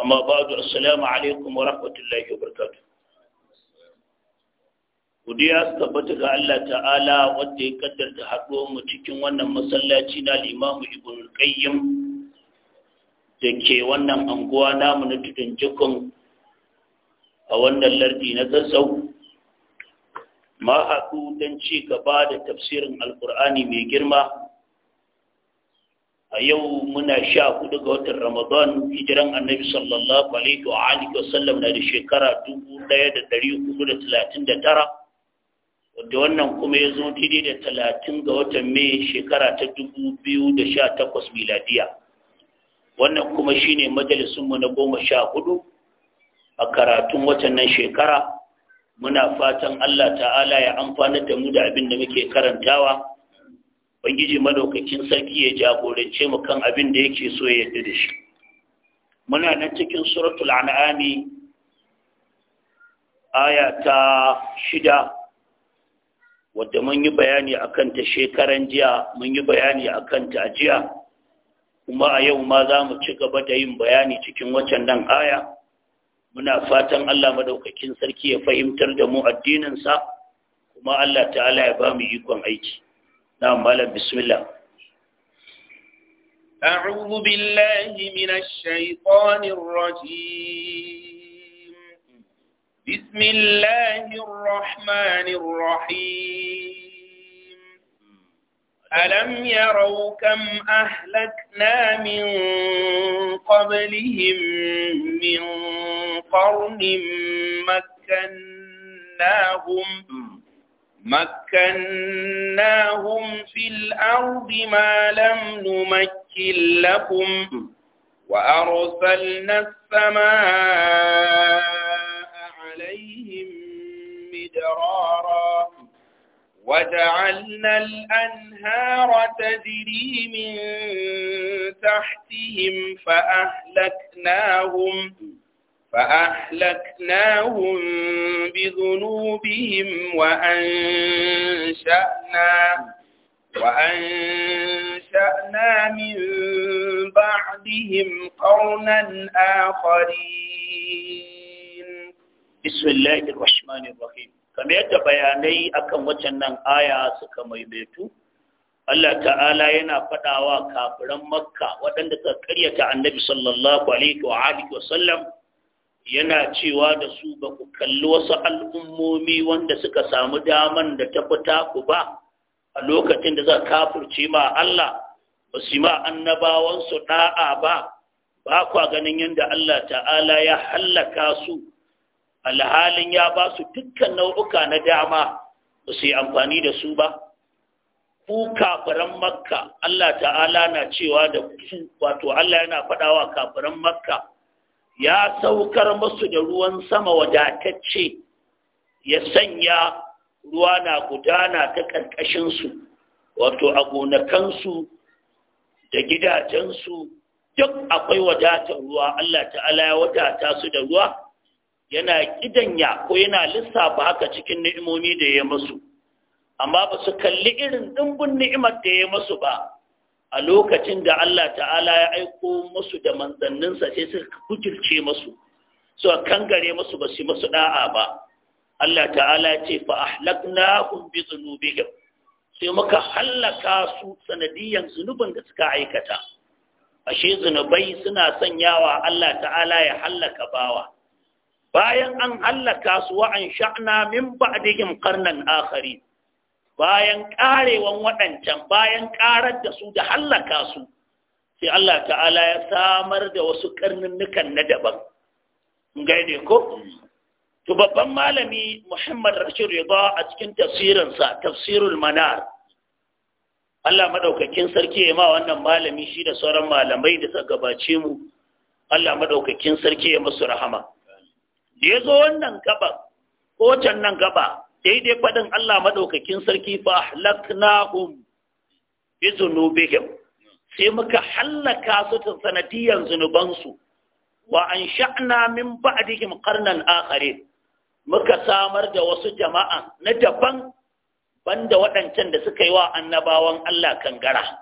amma ba'du assalamu alaikum wa rahmatullahi wa Kudiya tabbata ga Allah ta'ala wanda ya kaddarta haɗuwar mu cikin wannan masallaci na limamu ibn qayyim da ke wannan anguwa namu na tudun jikun a wannan lardi na zazzau ma haɗu don ci gaba da tafsirin Alƙur'ani mai girma a yau muna sha hudu ga watan ramadan hijiran annabi sallallahu alaihi wa alihi wa sallam na da shekara 1439 wadda wannan kuma ya zo daidai da talatin ga watan mai shekara ta 2018 miladiya wannan kuma shine majalisunmu na goma sha hudu a karatun watan nan shekara muna fatan allah ta'ala ya amfana da mu da abin da muke karantawa ubangiji madaukakin sarki ya jagorance mu kan abin da yake so ya yi da shi muna nan cikin suratul an'ami aya ta shida wadda mun yi bayani a kanta shekaran jiya mun yi bayani a kanta a jiya kuma a yau ma za mu ci gaba da yin bayani cikin waccan nan aya muna fatan Allah madaukakin sarki ya fahimtar da mu addininsa kuma Allah ta'ala ya ba mu ikon aiki نعم مالا بسم الله أعوذ بالله من الشيطان الرجيم بسم الله الرحمن الرحيم ألم يروا كم أهلكنا من قبلهم من قرن مكناهم مكناهم في الأرض ما لم نمكن لكم وأرسلنا السماء عليهم مدرارا وجعلنا الأنهار تجري من تحتهم فأهلكناهم فأهلكناهم بذنوبهم وأنشأنا وأنشأنا من بعدهم قرنا آخرين بسم الله الرحمن الرحيم kamar yadda bayanai akan nan, aya suka maimaitu Allah ta'ala yana faɗawa kafiran makka waɗanda ka karyata annabi sallallahu alaihi wa alihi wa sallam yana cewa da su ba ku kalli wasu al'ummomi wanda suka samu daman da ta fita ku ba a lokacin da za kafurce ma Allah ba su ma annabawansu ɗa'a ba ba kwa ganin yadda Allah ta'ala ya hallaka su alhalin ya ba su dukkan nau'uka na dama ba su yi amfani da su ba ku kafiran makka Allah ta'ala na cewa da ku wato Allah yana faɗawa kafiran makka ya saukar masu da ruwan sama wadatacce ya sanya ruwa na gudana ta ƙarƙashinsu wato a gonakansu da gidajensu duk akwai wadatar ruwa Allah ta'ala ya wadata su da ruwa yana kidanya ko yana lissafa haka cikin ni'imomi da ya masu amma ba su kalli irin ɗimbin ni'imar da ya masu ba a lokacin da Allah ta'ala ya aiko musu da manzanninsa sai suka kuturce musu suka kangare musu ba su musu da'a ba Allah ta'ala ya ce fa ahlaknahum bi dhunubihim sai muka hallaka su sanadiyan zunubin da suka aikata ashe zunubai suna sanyawa Allah ta'ala ya hallaka bawa bayan an hallaka su wa an sha'na min ba'dihim qarnan akharin bayan karewan waɗancan bayan karar da su da hallaka su sai Allah ta'ala ya samar da wasu nukan na daban gaide ko to babban malami Muhammad Rashid Rida a cikin tafsirinsa tafsirul manar Allah madaukakin sarki ya ma wannan malami shi da sauran malamai da suka gabace mu Allah madaukakin sarki ya masu rahama da zo wannan gaba ko wannan nan gaba daidai faɗin Allah maɗaukakin sarki fa hum bi zunubihim sai muka hallaka su ta sanadiyan zunubansu wa an sha'na min ba'dihim qarnan akhari muka samar da wasu jama'a na daban banda waɗancan da suka yi wa annabawan Allah kangara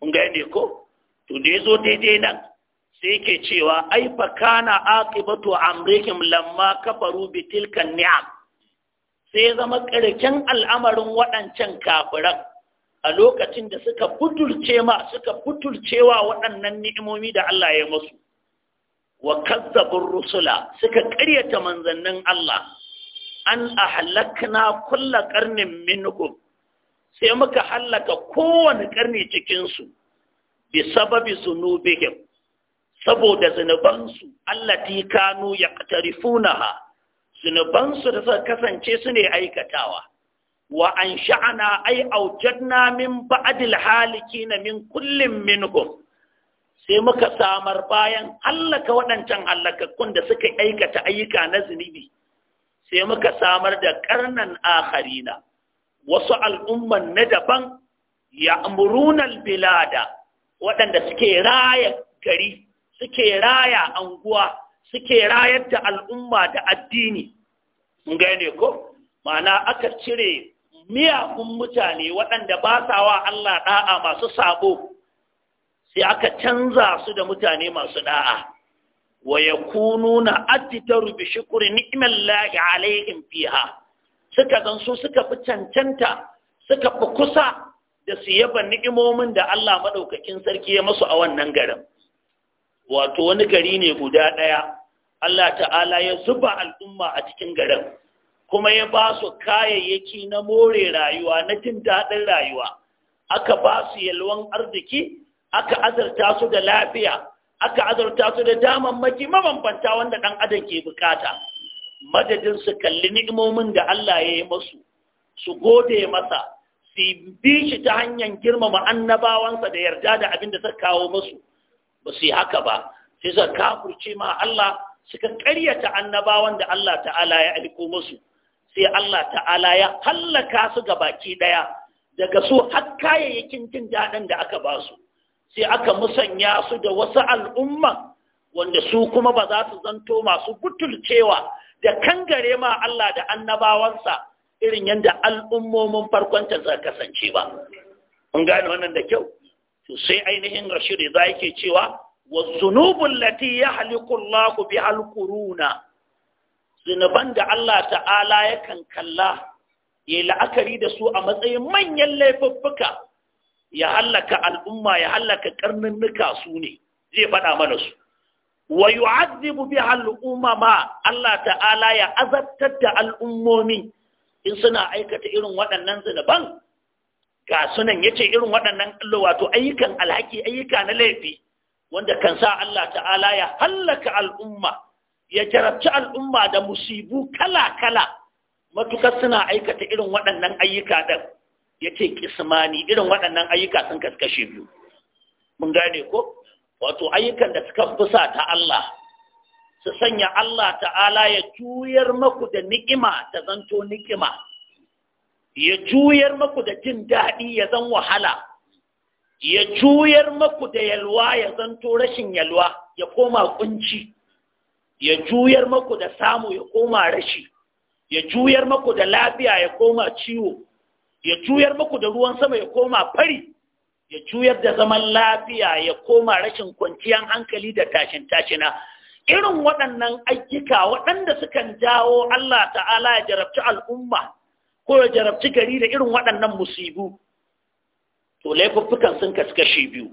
kun ga yadda ko to da yazo daidai nan sai yake cewa ai fa kana aqibatu amrihim lamma kafaru bi tilkan ni'am sai zama ƙarken al'amarin waɗancan kafiran a lokacin da suka butulce ma suka wa waɗannan ni'imomi da Allah ya masu wa kazzabin rusula suka ƙaryata manzannin Allah an ahlakna kulla ƙarnin minhum sai muka hallaka kowane ƙarni cikinsu bi sababi zunubihim saboda zunubansu allati kanu yaqtarifunaha zunubansu da suka kasance su ne aikatawa wa an sha'ana ai aujadna min ba'dil halikina min kullin minhum sai muka samar bayan hallaka waɗancan allakakkun da suka aikata ayyuka na zunubi sai muka samar da karnan akharina wasu al'umman na daban ya amurunal bilada waɗanda suke raya gari suke raya anguwa suke rayar da al'umma da addini gane ko ma'ana aka cire miyakun mutane waɗanda ba sa wa Allah ɗa'a masu sabo sai aka canza su da mutane masu ɗa'a wa ya kunu na attitaru bi shukuri ni'imar lagi alaihim fiha suka gansu suka fi cancanta suka fi kusa da su yaba ni'imomin da Allah maɗaukakin sarki ya masu a wannan garin wato wani gari ne guda ɗaya Allah ta'ala ya zuba al'umma a cikin garin kuma ya ba su kayayyaki na more rayuwa na jin daɗin rayuwa aka ba su yalwan arziki aka azarta su da lafiya aka azarta su da damammaki mabambanta wanda ɗan adam ke bukata madadin su kalli ni'imomin da Allah ya yi masu su gode masa su bi shi ta hanyar girmama annabawansa da yarda da abin da ta kawo masu ba su yi haka ba sai suka kafurce ma Allah suka ƙaryata annabawan da Allah ta'ala ya aliko musu sai Allah ta'ala ya hallaka su ga baki ɗaya daga su har kayayyakin jin daɗin da aka ba su sai aka musanya su da wasu al'umma wanda su kuma ba za su zanto masu butulcewa da kangare ma Allah da annabawansa irin yadda al'ummomin ta za kasance ba. Mun gane wannan da kyau? To sai ainihin Rashid za yake cewa والذنوب التي يحلق الله بها القرون zunuban da Allah ta'ala yakan kalla ya la'akari da su a matsayin manyan laifuffuka ya hallaka al'umma ya hallaka karninnuka su ne zai faɗa mana su wa yu'azzibu biha ma Allah ta'ala ya azabtar da al'ummomi in suna aikata irin waɗannan zunuban ga sunan yace irin waɗannan wato ayyukan alhaki ayyuka na laifi wanda kan sa Allah ta'ala ya hallaka al'umma ya jarabci al'umma da musibu kala-kala matukar suna aikata irin waɗannan ayyuka ɗin ya ce kismani irin waɗannan ayyuka sun kaskashe biyu mun gane ko wato ayyukan da suka fusa ta Allah su sanya Allah ta'ala ya juyar maku da ni'ima ta zanto ni'ima ya juyar maku da jin daɗi ya zan wahala ya juyar maku da yalwa ya zanto rashin yalwa ya koma kunci ya juyar maku da samu ya koma rashi ya juyar maku da lafiya ya koma ciwo ya juyar maku da ruwan sama ya koma fari ya juyar da zaman lafiya ya koma rashin kwanciyar hankali da tashin tashina irin waɗannan ayyuka waɗanda sukan jawo Allah ta'ala ya jarabci al'umma ko ya jarabci gari da irin waɗannan musibu to laifuffukan sun kaskashi biyu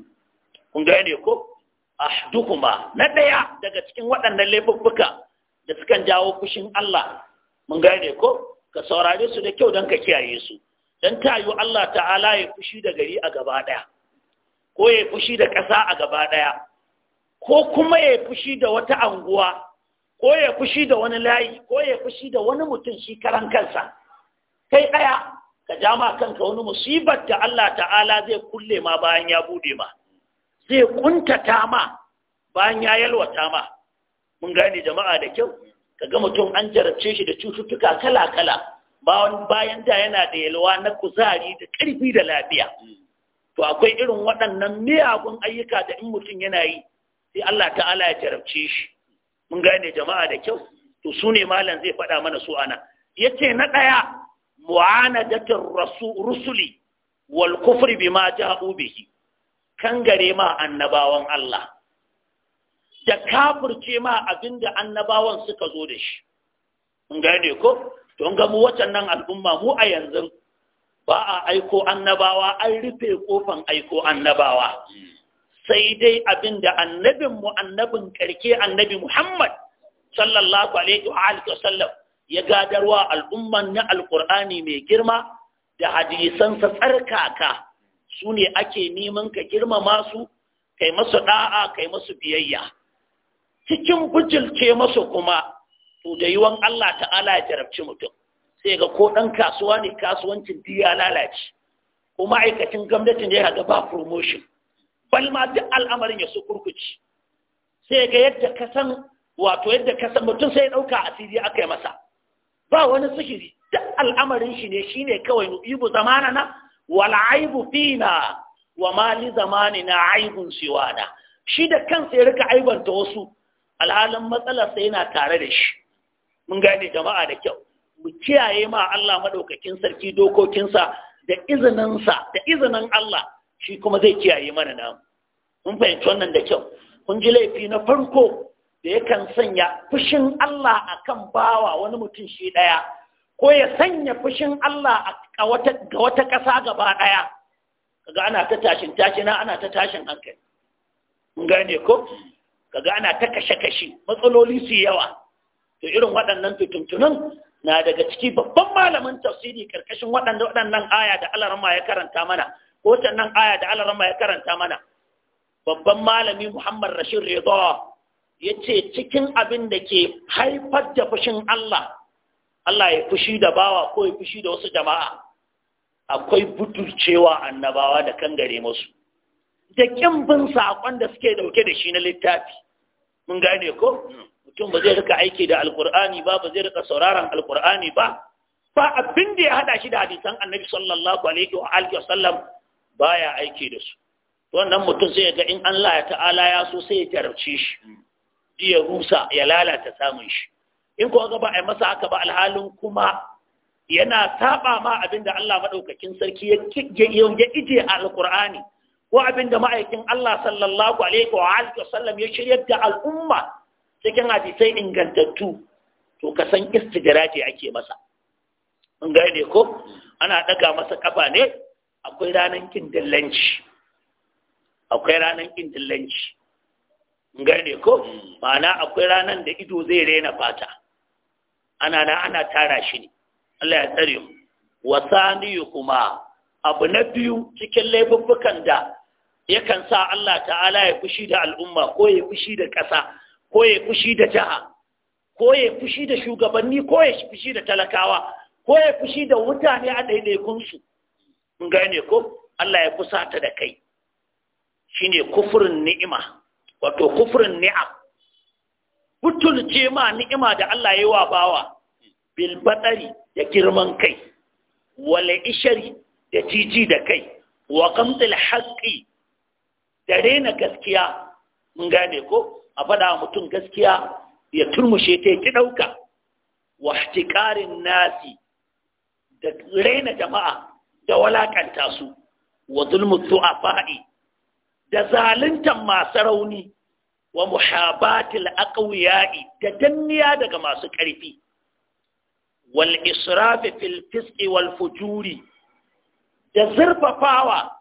kun gane ko dukuma na daya daga cikin waɗannan laifuffuka da sukan jawo fushin Allah mun gane ko ka saurare su da kyau don ka kiyaye su don tayo Allah ta'ala ya fushi da gari a gaba daya ko ya fushi da ƙasa a gaba daya ko kuma ya fushi da wata anguwa ko ya fushi da wani layi ko ya fushi da wani mutum shi karan kansa kai ɗaya. ka ja ma kanka wani musibar da Allah ta'ala zai kulle ma bayan ya bude ma zai kuntata ma bayan ya yalwata ma mun gane jama'a da kyau ka ga mutum an jarabce shi da cututtuka kala-kala bayan da yana da yalwa na kuzari da ƙarfi da lafiya to akwai irin waɗannan miyagun ayyuka da in mutum yana yi sai Allah ta'ala ya jarabce shi mun gane jama'a da kyau to su malam zai faɗa mana su ana yace na ɗaya mu'anadatir rusuli wal kufri bima ja'u bihi kangare ma annabawan Allah da kafirce ma abinda annabawan suka zo da shi mun gane ko to ga mu watannan al'umma mu a yanzu ba a aiko annabawa an rufe kofan aiko annabawa sai dai abinda annabin mu annabin karke annabi Muhammad sallallahu alaihi wa alihi wasallam ya gadarwa al'umman na alƙur'ani mai girma da hadisansa tsarkaka su ne ake neman ka girmama su kai masu ɗa'a kai masu biyayya cikin bujilce masu kuma to da yiwon Allah ta'ala ya jarabci mutum sai ga ko ɗan kasuwa ne kasuwancin ya lalace ko ma'aikacin gwamnatin ya ga ba promotion bal ma duk al'amarin ya su kurkuci sai ga yadda ka wato yadda ka san mutum sai ya ɗauka asiri aka yi masa ba wani sihiri da al'amarin shi ne shine kawai nu'ibu zamanana wal aibu fina wa ma li na aibun siwana shi da kansa ya rika aibanta wasu matsalar sai yana tare da shi mun gane jama'a da kyau mu kiyaye ma Allah madaukakin sarki dokokinsa da izininsa da izinin Allah shi kuma zai kiyaye mana namu mun fahimci wannan da kyau kun ji laifi na farko da yakan sanya fushin Allah akan bawa wani mutum shi ɗaya ko ya sanya fushin Allah ga wata ƙasa gaba ɗaya kaga ana ta tashin tashina ana ta tashin hankali gane ko kaga ana ta kashe-kashe matsaloli su yawa to irin waɗannan tutuntunan na daga ciki babban malamin tafsiri ƙarƙashin waɗannan aya da alarama ya karanta mana ko waɗannan aya da alarama ya karanta mana babban malami Muhammad Rashid Ridha ya ce cikin abin da ke haifar da fushin Allah Allah ya fushi da bawa ko ya fushi da wasu jama'a akwai butulcewa annabawa da kangare musu da ƙin bin saƙon da suke dauke da shi na littafi mun gane ko mutum ba zai rika aiki da alkur'ani ba ba zai rika sauraron alkur'ani ba ba abin da ya haɗa shi da hadisan annabi sallallahu alaihi wa alihi wasallam baya aiki da su wannan mutum sai ga in Allah ya ta'ala ya so sai ya tarauce shi iya rusa ya lalata samun shi in ko ga ba a masa aka ba alhalin kuma yana saba ma abinda Allah madaukakin sarki ya ya ije a alqur'ani ko abinda ma'aikin Allah sallallahu alaihi wa alihi wasallam ya shiryar da al'umma cikin hadisai ingantattu to ka san istidraji ake masa mun gane ko ana daga masa kafa ne akwai ranan kin dillanci akwai ranan kin dillanci gane ko ma'ana akwai ranar da ido zai rena fata ana na ana tara shi ne Allah ya tsare mu wasaniyu kuma abu na biyu cikin laifuffukan da yakan sa Allah ta'ala ya fushi da al'umma ko ya fushi da ƙasa ko ya fushi da jaha ko ya fushi da shugabanni ko ya fushi da talakawa ko ya fushi da mutane a su gane ko Allah ya kusa ta da kai shine kufurin ni'ima wato kufurin ni'am mutunce ma ni'ima da Allah ya wa bawa bil badari da girman kai wale ishari da titi da kai wa qamdil haqqi da rena gaskiya mun gane ko a faɗa mutum gaskiya ya turmushe ta ki ɗauka wa ihtiqarin nasi da rena jama'a da walaƙanta su wa zulmu faɗi. da zaluntan masu rauni wa muhabatil aqwiya'i da danniya daga masu ƙarfi wal israf fil fisqi wal fujuri da zurfafawa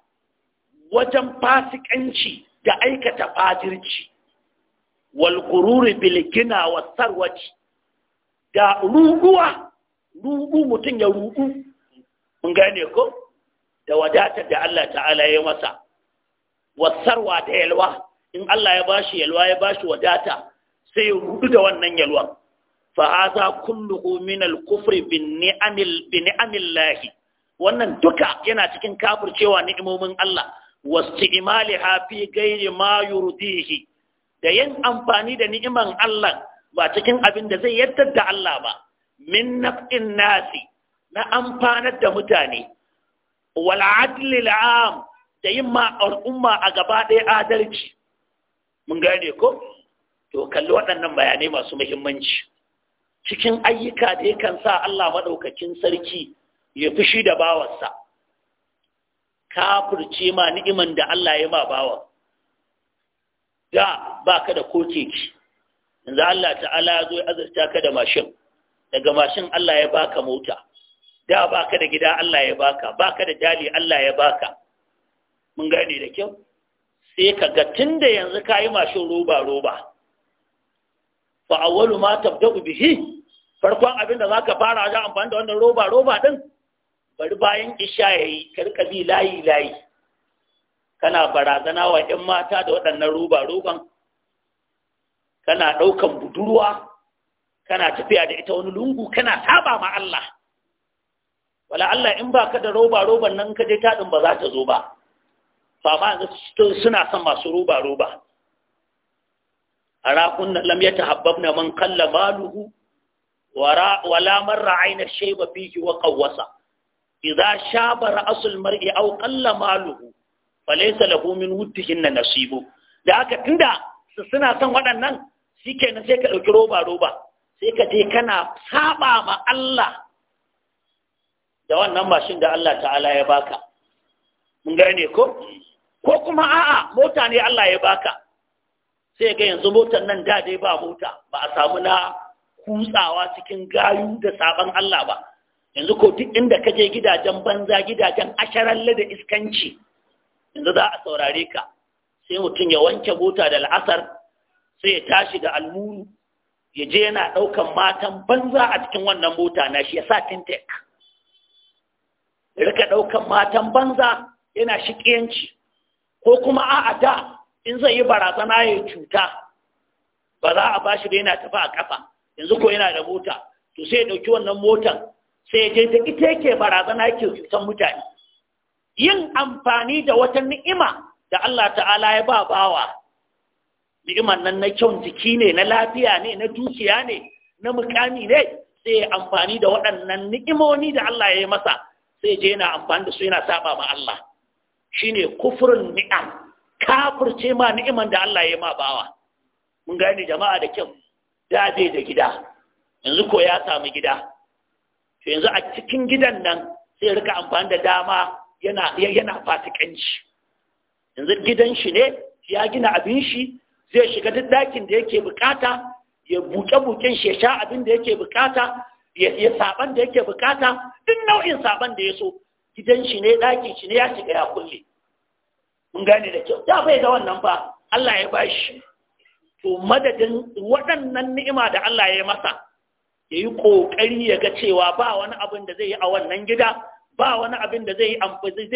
wajen fasikanci da aikata fajirci wal gururi bil gina wa sarwaci da ruguwa rugu mutum ya rugu mun gane ko da wadatar da Allah ta'ala ya masa wasarwa da yalwa in Allah ya bashi yalwa ya ba shi wadata sai ya rudu da wannan yalwa fa hadha kulluhu min al-kufri bin ni'amil bi wannan duka yana cikin kafircewa ni'imomin Allah wasti'maliha fi ghairi ma yurdihi da yin amfani da ni'iman Allah ba cikin abin da zai yaddar da Allah ba min naf'in nasi na amfanar da mutane wal al-am da yin ma al'umma a gaba ɗaya adalci mun gane ko to kalli waɗannan bayanai masu muhimmanci cikin ayyuka da kan sa Allah maɗaukakin sarki ya fushi da bawarsa furce ma ni'iman da Allah ya ma bawa da baka da ko keke yanzu Allah ta'ala Ya zo ya azurta ka da mashin daga mashin Allah ya baka mota da baka da gida Allah ya baka baka da jali Allah ya baka mun gane da kyau sai ka ga tun da yanzu ka yi mashin roba roba fa awwalu ma tabda'u bihi farkon abin da zaka fara wajen amfani da wannan roba roba din bari bayan isha yayi ka bi layi layi kana barazana wa 'yan mata da waɗannan roba roban kana ɗaukan budurwa kana tafiya da ita wani lungu kana saba ma Allah wala Allah in ba ka da roba roban nan ka je taɗin ba za ta zo ba ba ma suna son masu roba roba arakun lam na man kalla maluhu aina مر fihi wa qawasa وقوس shaba ra'sul mar'i aw qalla maluhu ماله فليس له من ودهن nasibu. da haka tunda su suna son waɗannan shi kenan sai ka ɗauki roba roba sai ka je kana saba ma Allah da wannan mashin da Allah ta'ala ya baka mun gane ko ko kuma a'a mota ne Allah ya baka sai ga yanzu motar nan da dai ba mota ba a samu na kutsawa cikin gayu da sabon Allah ba yanzu ko duk inda ka je gidajen banza gidajen asharalle da iskanci yanzu za a saurare ka sai mutum ya wanke mota da la'asar sai ya tashi da almuru ya je yana ɗaukan matan banza a cikin wannan mota na shi ya sa tintek rika ɗaukan matan banza yana shiƙiyanci ko kuma a'a da in zai yi barazana ya cuta ba za a bashi da yana tafi a kafa yanzu ko yana da mota to sai ya dauki wannan motar sai ya je ta ita yake barazana yake cutan mutane yin amfani da wata ni'ima da Allah ta'ala ya ba bawa ni'imar nan na kyau jiki ne na lafiya ne na dukiya ne na mukami ne sai ya amfani da waɗannan ni'imoni da Allah ya yi masa sai je yana amfani da su yana saba ma Allah shine kufrun ni'am kafirce ma ni'iman da Allah ya ma bawa mun gane jama'a da kyau da zai da gida yanzu ko ya samu gida to yanzu a cikin gidan nan sai rika amfani da dama yana yana fasikanci yanzu gidan shi ne ya gina abin shi zai shiga duk dakin da yake bukata ya buke buken shi ya sha abin da yake bukata ya saban da yake bukata duk nau'in saban da ya so gidan shi ne ɗakin shi ne ya shiga ya kulle mun gane da kyau da bai da wannan ba Allah ya bashi to madadin waɗannan ni'ima da Allah ya yi masa ya yi ƙoƙari ya ga cewa ba wani abin da zai yi a wannan gida ba wani abin da zai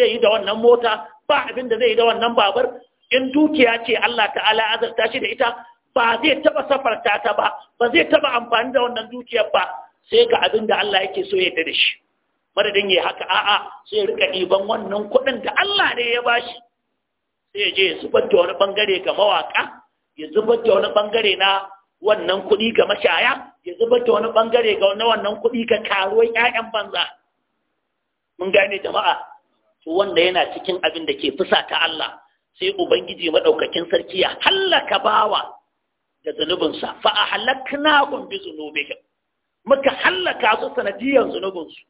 yi da wannan mota ba abin da zai yi da wannan babur in dukiya ce Allah ta'ala azarta shi da ita ba zai taba safarta ta ba ba zai taba amfani da wannan dukiyar ba sai ga abin da Allah yake so ya da shi madadin ya haka a'a sai rika ɗiban wannan kuɗin da Allah ne ya bashi sai ya je ya zubar da wani bangare ga mawaka ya zubar da wani bangare na wannan kuɗi ga mashaya ya zubar da wani bangare ga wannan kuɗi ga karuwar 'ya'yan banza mun gane jama'a to wanda yana cikin abin da ke fusa ta Allah sai ubangiji madaukakin sarki ya hallaka bawa da zunubinsa fa ahlaknahum bi zunubihim muka hallaka su sanadiyar zunubinsu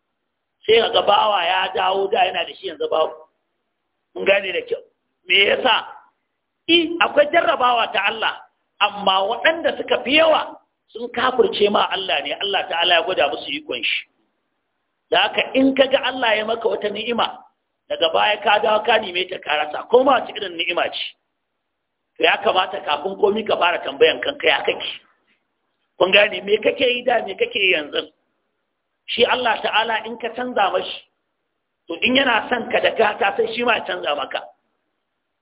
sai ga gabawa ya dawo da yana da shi yanzu babu mun gane da kyau me yasa i akwai jarrabawa ta Allah amma waɗanda suka fi yawa sun kafurce ma Allah ne Allah ta'ala ya gwada musu ikon shi da haka in ka ga Allah ya maka wata ni'ima daga baya ka dawo ka nime ta karasa. rasa ko ma ci irin ni'ima ce to ya kamata kafin komi ka fara tambayan kanka ya kake kun gane me kake yi da me kake yanzu shi Allah ta'ala in ka canza mashi to in yana son ka da gata sai shi ma canza maka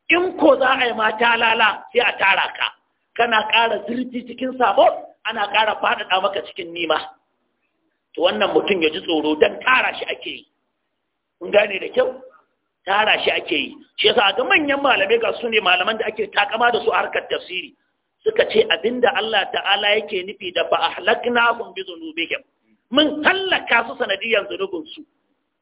in ko za a yi mata lala sai a tara ka kana ƙara zurfi cikin sabo ana ƙara faɗaɗa maka cikin nima to wannan mutum ya ji tsoro don tara shi ake yi in gane da kyau tara shi ake yi shi yasa ga manyan malamai ga su ne malaman da ake takama da su a harkar tafsiri suka ce abinda Allah ta'ala yake nufi da ba kun bi kyau. mun tallaka su sanadiyan zunubinsu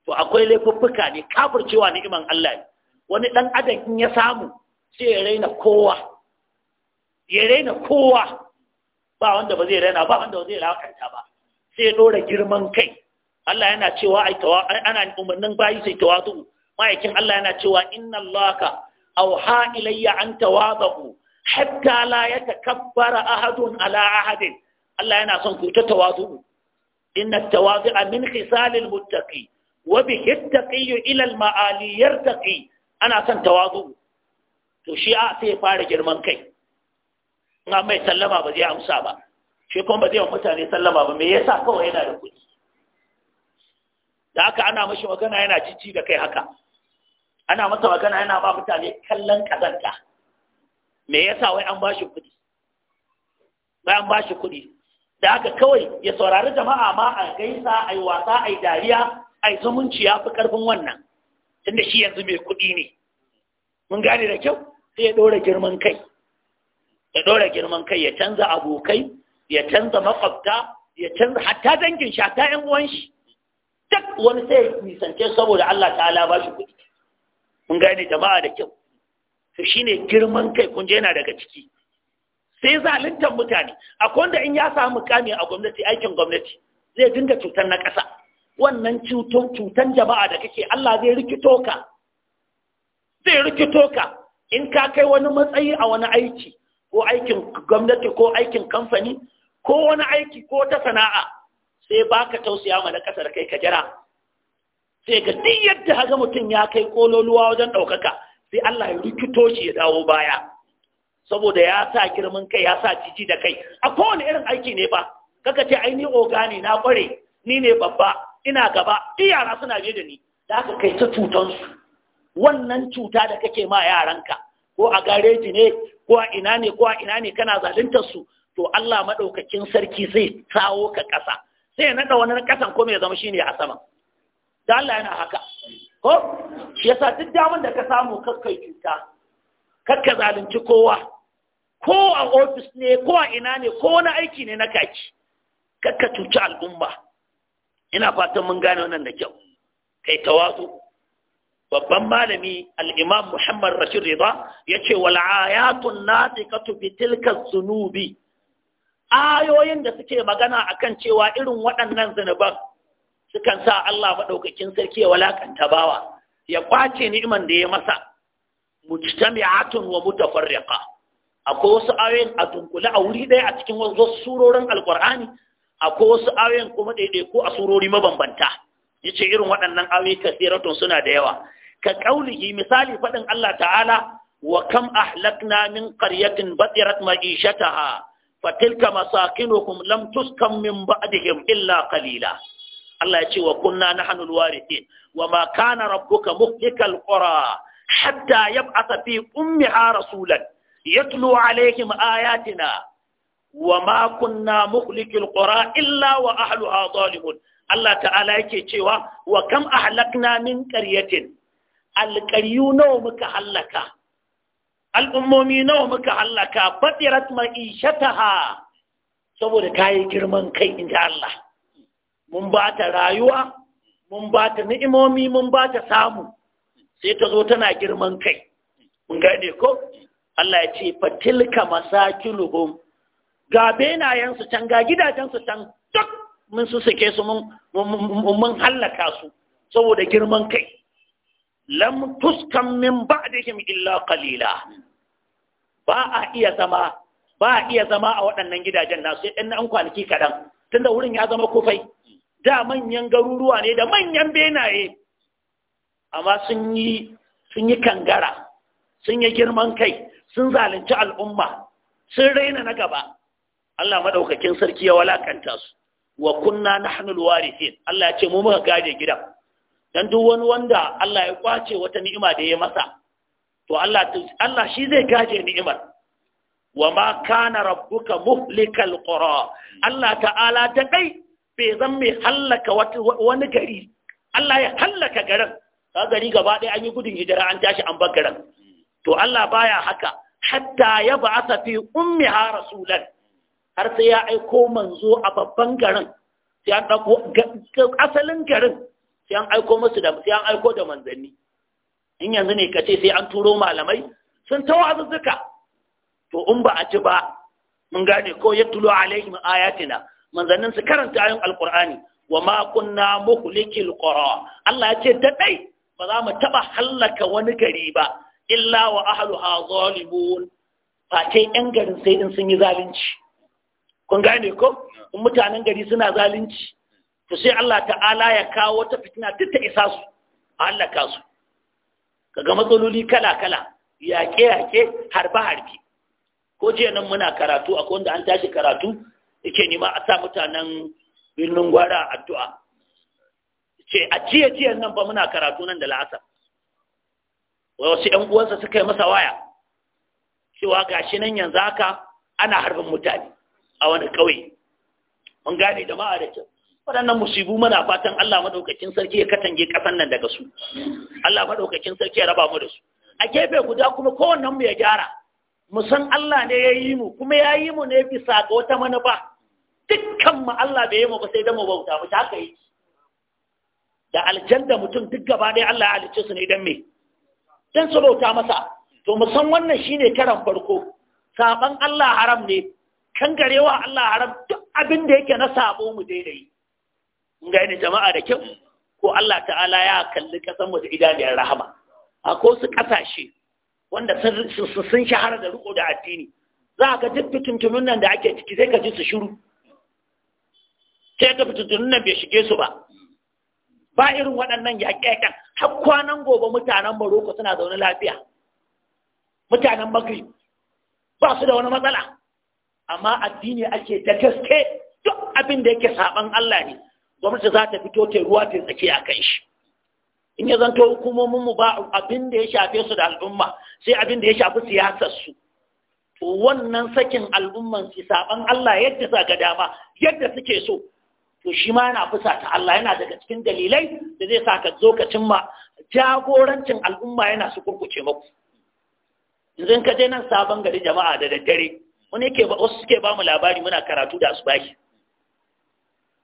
to akwai laifuffuka ne kafircewa ni'iman Allah ne wani dan adam in ya samu sai ya raina kowa ya raina kowa ba wanda ba zai raina ba wanda ba zai lakanta ba sai ya dora girman kai Allah yana cewa ai tawa ana umarnin bayi sai tawadu ma'aikin Allah yana cewa inna allaka awha ilayya an tawadu hatta la yatakabbara ahadun ala ahadin Allah yana son ku ta tawadu إن التواضع من خصال المتقي وبه التقي إلى المعالي يرتقي أنا سن تواضع تشيء أعطي فارج المنكي نعم يسلم بزي أمسا با shi kuma ba zai wa mutane sallama ba me yasa kawai yana da kuɗi da haka ana mashi magana yana cici da kai haka ana masa magana yana ba mutane kallon kazanta me yasa wai an bashi kuɗi da aka kawai ya saurari jama'a ma a gaisa a yi wasa a yi dariya a yi zumunci ya fi karfin wannan tunda shi yanzu mai kuɗi ne mun gane da kyau sai ya ɗora girman kai ya ɗora girman kai ya canza abokai ya canza makwabta ya canza hatta dangin shi hatta ƴan uwan shi duk wani sai ya nisance saboda Allah ta'ala ba shi kuɗi mun gane jama'a da kyau to shine girman kai kun je yana daga ciki sai zaluntar mutane akwai wanda in ya samu mukami a gwamnati aikin gwamnati zai dinga cutar na ƙasa wannan cutar jama'a da kake Allah zai rikito ka zai rikito ka in ka kai wani matsayi a wani aiki ko aikin gwamnati ko aikin kamfani ko wani aiki ko ta sana'a sai baka tausaya na ƙasa da kai ka jira sai ga duk yadda haga mutum ya kai kololuwa wajen ɗaukaka sai Allah ya rikito shi ya dawo baya saboda ya sa girman kai ya sa jiji da kai a kowane irin aiki ne ba kaka ce ai ni oga na kware ni ne babba ina gaba Iyara suna je da ni da aka kai ta su? wannan cuta da kake ma yaranka ko a gareji ne ko a ina ne ko a ina ne kana zaluntar su to Allah madaukakin sarki zai kawo ka kasa sai ya naɗa wani ƙasan ko ya zama shine a sama dan Allah yana haka ko shi yasa duk daman da ka samu kakkai cuta kakka zalunci kowa ko a ofis ne ko a ina ne ko wani aiki ne na kaki kakka cuci al'umma ina fatan mun gane wannan da kyau kai tawazu babban malami al'imam muhammad rashid rida ya ce wal ayatun natiqatu bi tilka zunubi ayoyin da suke magana akan cewa irin waɗannan zanuban sukan sa Allah maɗaukakin sarki ya walakanta bawa ya kwace ni'iman da ya masa mujtami'atun wa mutafarriqa akwai wasu ayoyin a dunkule a wuri ɗaya a cikin wasu surorin alkur'ani akwai wasu ayoyin kuma ko a surori mabambanta yace irin waɗannan ayoyi kasiratun suna da yawa ka kaulihi misali faɗin Allah ta'ala wa kam ahlakna min qaryatin batirat ma'ishataha fatilka masakinuhum lam tuskam min ba'dihim illa qalila Allah ya ce wa kunna nahnu alwarithin wa ma kana rabbuka muhlikal qura hatta yab'atha fi ummiha rasulan yatlu alaihim ayatina wa ma kunna muhlikil qura illa wa ahluha zalimun Allah ta'ala yake cewa wa kam ahlakna min qaryatin alqaryu nawa muka halaka al'ummomi nawa muka hallaka fatirat ma'ishataha saboda kayi girman kai inda Allah mun ba ta rayuwa mun ba ta ni'imomi mun ba ta samu sai ta zo tana girman kai mun gane ko Allah ya ce fatilka masakinuhum ga benayensu can ga gidajensu can duk mun su su mun hallaka su saboda girman kai lam tuskan min ba'dihim illa qalila ba a iya zama ba a iya zama a waɗannan gidajen nasu sai ɗan an kwanaki kaɗan tunda wurin ya zama kofai. da manyan garuruwa ne da manyan benaye amma sun yi sun yi kangara sun yi girman kai sun zalunci al'umma sun raina na gaba Allah maɗaukakin sarki ya walakanta su wa kunna nahnu alwarithin Allah ya ce mu muka gaje gidan Don duk wani wanda Allah ya kwace wata ni'ima da ya masa to Allah Allah shi zai gaje ni'imar wa ma kana rabbuka muhlikal qura Allah ta'ala ta kai bai zan mai hallaka wani gari Allah ya hallaka garin ka gari gaba ɗaya an yi gudun hijira an tashi an bar garin to Allah baya haka hatta ya safi fi ha rasulan har sai ya aiko manzo a babban garin sai an asalin garin sai an aiko musu da sai an aiko da manzanni in yanzu ne kace sai an turo malamai sun tawazuzzuka to in ba a ci ba mun gane ko yatlu alaihim ayatina manzannin su karanta ayoyin alqur'ani wa ma kunna muhlikil qura Allah ya ce da dai ba za mu taba hallaka wani gari ba illa wa ha zalimun fatai yan garin sai in sun yi zalunci kun gane ko mutanen gari suna zalunci to sai Allah ta'ala ya kawo wata fitina duk ta isa su Allah ka su kaga matsaloli kala kala yaƙe yaƙe harba harbi ko jiya nan muna karatu akwai wanda an tashi karatu yake nema a sa mutanen birnin gwara addu'a ce a jiya jiya nan ba muna karatu nan da la'asar wasu ‘yan uwansa suka yi masa waya cewa gashi nan yanzu haka ana harbin mutane a wani ƙauye mun gane da kyau waɗannan musibu muna fatan Allah maɗaukakin sarki ya katange ƙasan nan daga su Allah maɗaukakin sarki ya raba mu da su a gefe guda kuma kowannen mu ya gyara mu san Allah ne ya yi mu kuma ya yi mu ne bisa ga wata manufa dukkan mu Allah bai yi mu ba sai dan mu bauta mu haka yi da aljanda mutum duk gaba ɗaya Allah ya halicce su ne dan me don su bauta masa to musan wannan shine karan farko saban Allah haram ne Kan garewa Allah haram duk abin da yake na sabo mu daidai ga ni jama'a da kyau ko Allah ta'ala ya kalli kasan mu da idaniyar rahama akwai su kasashe wanda sun shahara da riko da addini za ka duk fitintunun nan da ake ciki sai ka ji su shiru sai ka fitintunun nan bai shige su ba ba irin waɗannan yaƙe-yaƙen har kwanan gobe mutanen Maroko suna zaune lafiya mutanen Maghrib ba su da wani matsala amma addini ake ta gaske duk abin da yake saban Allah ne gwamnati za ta fito ta ruwa ta tsaki a kan shi in ya zanto hukumomin mu ba abin da ya shafe su da al'umma sai abin da ya shafi siyasar su to wannan sakin al'umman su saban Allah yadda za ga dama yadda suke so to shi ma yana fusa ta Allah yana daga cikin dalilai da zai sa ka zo ka cimma jagorancin al'umma yana su kurkuce maku yanzu ka je nan sabon gari jama'a da daddare wani yake ba wasu suke ba mu labari muna karatu da bashi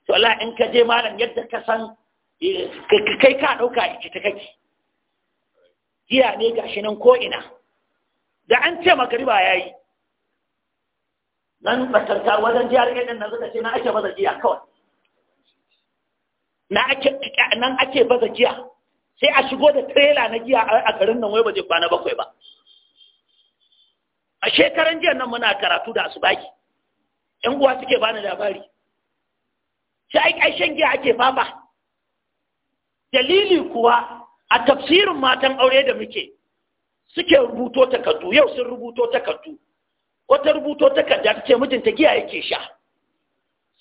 to Allah in ka je malam yadda ka san kai ka dauka ta kake jiya ne gashi nan ko ina da an ce magriba yayi nan bakarta wajen jiyar ɗin nan zuka ce na ake maza jiya kawai nan ake baza giya sai a shigo da trailer na giya a garin nan wai ba kwana bakwai ba a shekaran jiya nan muna karatu da asubaki yan uwa suke bani labari sai ai shan giya ake fafa dalili kuwa a tafsirin matan aure da muke suke rubuto takardu yau sun rubuto takardu wata rubuto takarda ta ce mijinta giya yake sha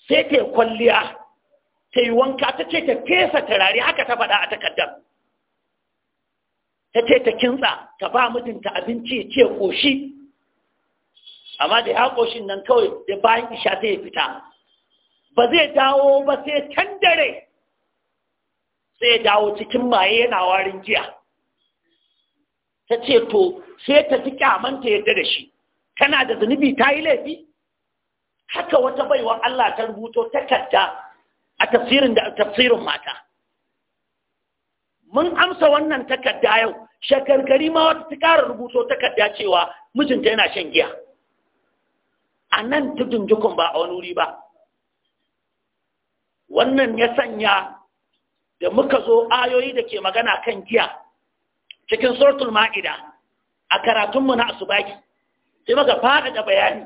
sai ta kwalliya ta yi wanka ta ce ta fesa turare haka ta faɗa a takardar ta ce ta kintsa ta ba mijinta abinci ya ce ƙoshi amma da ya ƙoshi nan kawai da bayan isha zai fita ba zai dawo ba sai can dare sai dawo cikin maye yana warin jiya. ta ce to sai ta fi kyamanta yadda da shi tana da zunubi ta yi laifi haka wata baiwa Allah ta rubuto takarda a tafsirin da tafsirin mata mun amsa wannan takarda yau shakarkari ma wata ta ƙara rubuto takarda cewa mijinta yana shan giya a nan tudun jikun ba a wani wuri ba wannan ya sanya da muka zo ayoyi da ke magana kan giya cikin suratul ma'ida a karatunmu na asubaki sai muka da bayani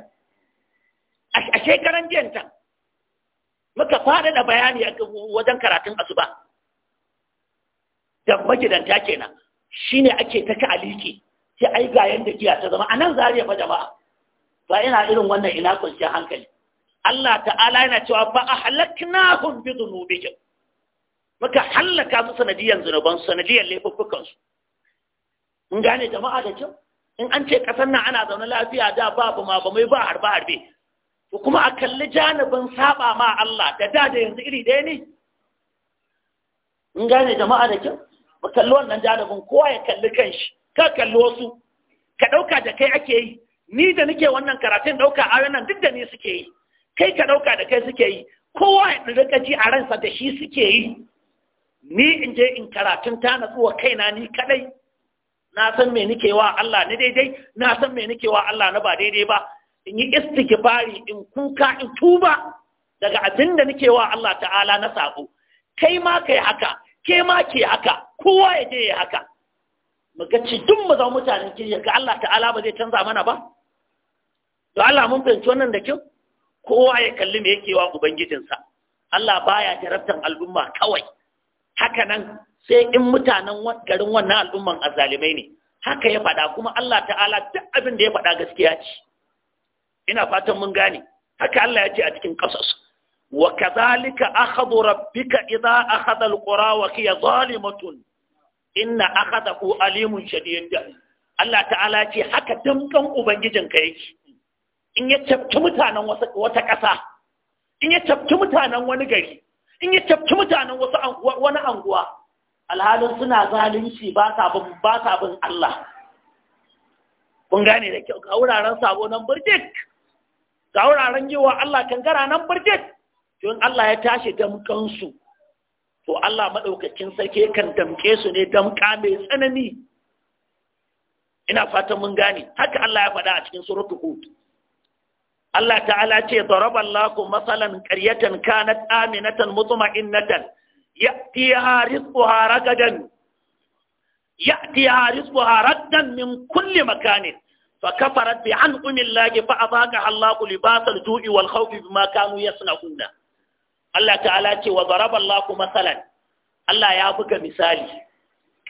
a shekaran jiyan muka faɗaɗa bayani wajen karatun asuba da magidanta kenan shine ake ta alike sai ai ga yanda giya ta zama anan zariya fa jama'a ba ina irin wannan ina kwanciyar hankali Allah ta'ala yana cewa fa ahlaknahum bi dhunubihim muka halaka su sanadiyan zunuban sanadiyan laifukan su mun gane jama'a da kyau in an ce kasan nan ana zaune lafiya da babu ma ba mai ba harba harbe kuma a kalli janibin saba ma Allah da da da yanzu iri ɗaya ne in gane jama'a da kyau ba kalli wannan janibin kowa ya kalli kanshi ka kalli wasu ka ɗauka da kai ake yi ni da nake wannan karatun ɗauka a nan duk da ni suke yi kai ka ɗauka da kai suke yi kowa ya rika ji a ransa da shi suke yi ni in je in karatun ta na tsuwa kaina ni kadai na san me nake wa Allah na daidai na san me nake wa Allah na ba daidai ba in yi istighfari in kuka in tuba daga abin da nake wa Allah ta'ala na sabo. kai ma kai haka ke ma ke haka kowa ya je ya haka mu ci duk mu zama mutanen ki ga Allah ta'ala ba zai canza mana ba to Allah mun fahimci wannan da kyau kowa ya kalli me yake wa ubangijinsa Allah baya jarabtan al'umma kawai haka nan sai in mutanen garin wannan al'umman azalimai ne haka ya faɗa kuma Allah ta'ala duk abin da ya faɗa gaskiya ce ina fatan mun gane haka Allah ya ce a cikin ƙasas wa kadhalika akhadhu rabbika idha akhadha alqura wa hiya zalimatun inna akhadahu alimun shadid Allah ta'ala ce haka ubangijin ka yake in ya tabci mutanen wata ƙasa in ya tabci mutanen wani gari in ya tabci mutanen wani anguwa alhalin suna zalunci ba sa bin ba sa bin Allah kun gane da kyau a wuraren sabo nan burdik ga wuraren yi wa Allah kangara nan birjit to Allah ya tashi damkansu to Allah maɗaukakin sarki kan damke su ne damka mai tsanani ina fatan mun gane haka Allah ya faɗa a cikin suratul hud Allah ta'ala ce daraballahu masalan qaryatan kanat aminatan mutma'innatan ya'tiha rizquha ragadan ya'tiha rizquha ragadan min kulli makanin فكفرت بأنعم الله فأذاقها الله لباس الجوع والخوف بما كانوا يصنعون الله تعالى وضرب الله مثلا الله يا بك مثالي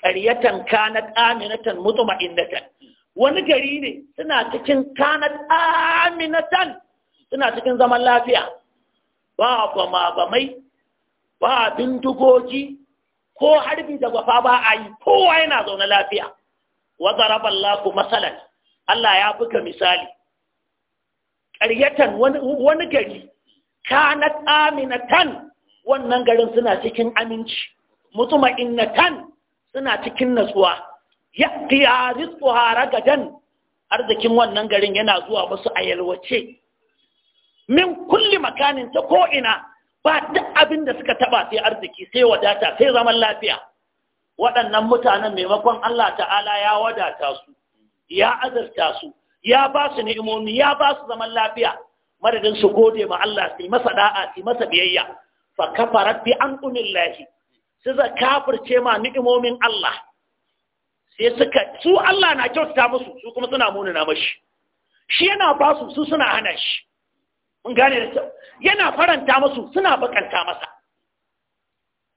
قرية كانت آمنة مطمئنة wani gari ne suna cikin kanat aminatan suna cikin zaman lafiya ba bamabamai ba bindigogi ko harbi da gwafa ba a yi kowa yana zaune lafiya wa zaraba masalan Allah ya buga misali ƙaryatan wani gari kanat aminatan wannan garin suna cikin aminci mutuma innatan suna cikin natsuwa ya ƙiyaris tsohara gadan arzikin wannan garin yana zuwa musu a yalwace min kulli makanin ta ko'ina ba duk abin da suka taɓa sai arziki sai wadata sai zaman lafiya waɗannan mutanen maimakon Allah ta'ala ya wadata su ya azarta su ya ba su ni'imomi ya ba su zaman lafiya madadin su gode ma Allah su masa da'a su masa biyayya fa kafara bi umillahi su za kafirce ma ni'imomin Allah sai suka su Allah na kyautata musu su kuma suna munana mashi shi yana ba su su suna hana shi mun gane da kyau yana faranta musu suna bakanta masa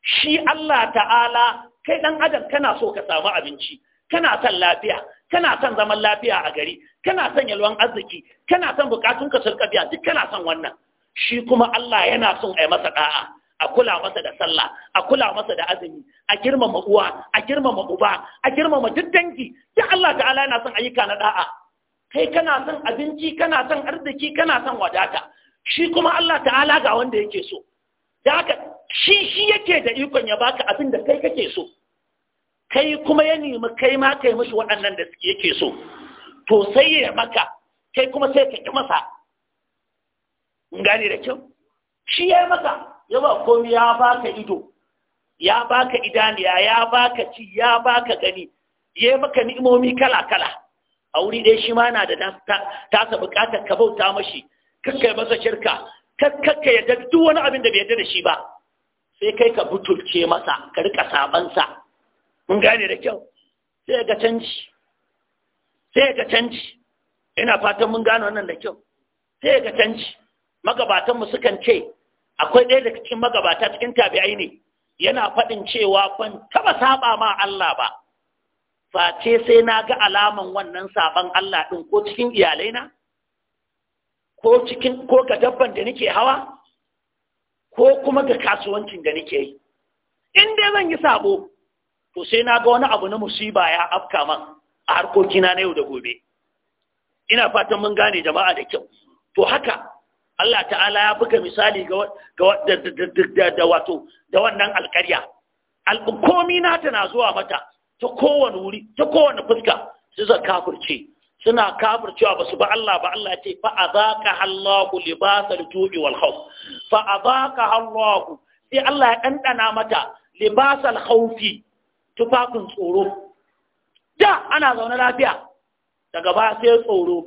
shi Allah ta'ala kai dan adam kana so ka samu abinci kana son lafiya kana son zaman lafiya a gari kana son yalwan arziki kana son bukatun ka sulka biya duk kana son wannan shi kuma Allah yana son a masa da'a a kula masa da sallah a kula masa da azumi a girmama uwa a girmama uba a girmama duk dangi duk Allah ta'ala yana son ayyuka na da'a kai kana son abinci kana son arziki kana son wadata shi kuma Allah ta'ala ga wanda yake so da haka shi shi yake da ikon ya baka abin da kai kake so kai kuma ya nemi kai ma kai mashi waɗannan da suke yake so to sai ya maka kai kuma sai ka ƙi masa gani da kyau shi ya maka ya ba komi ya baka ido ya baka idaniya ya baka ci ya baka gani ya maka ni'imomi kala kala a wuri ɗaya shi ma na da tasa buƙatar ka bauta mashi kakkai masa shirka kakka yadda duk wani abin da bai yadda da shi ba sai kai ka butulce masa ka rika sabansa mun gane da kyau sai ga canji sai ga canji ina fatan mun gane wannan da kyau sai ga canji magabatanmu sukan ce akwai ɗaya daga cikin magabata cikin tabi'ai ne yana faɗin cewa ban taɓa saba ma Allah ba face sai na ga alaman wannan saban Allah ɗin ko cikin iyalaina ko cikin ko ga dabban da nake hawa ko kuma ga kasuwancin da nake yi in dai zan yi sabo to sai na ga wani abu na musiba ya afka man a harkokina na yau da gobe ina fatan mun gane jama'a da kyau to haka Allah ta'ala ya buga misali ga da wato da wannan alƙarya alƙomi nata na zuwa mata ta kowane wuri ta kowane fuska su zan kafirce suna kafircewa ba su ba Allah ba Allah ce fa azaka Allahu libasal wal khawf fa azaka sai Allah ya ɗanɗana mata libasar haufi. tufafin tsoro da ana zaune lafiya daga baya sai tsoro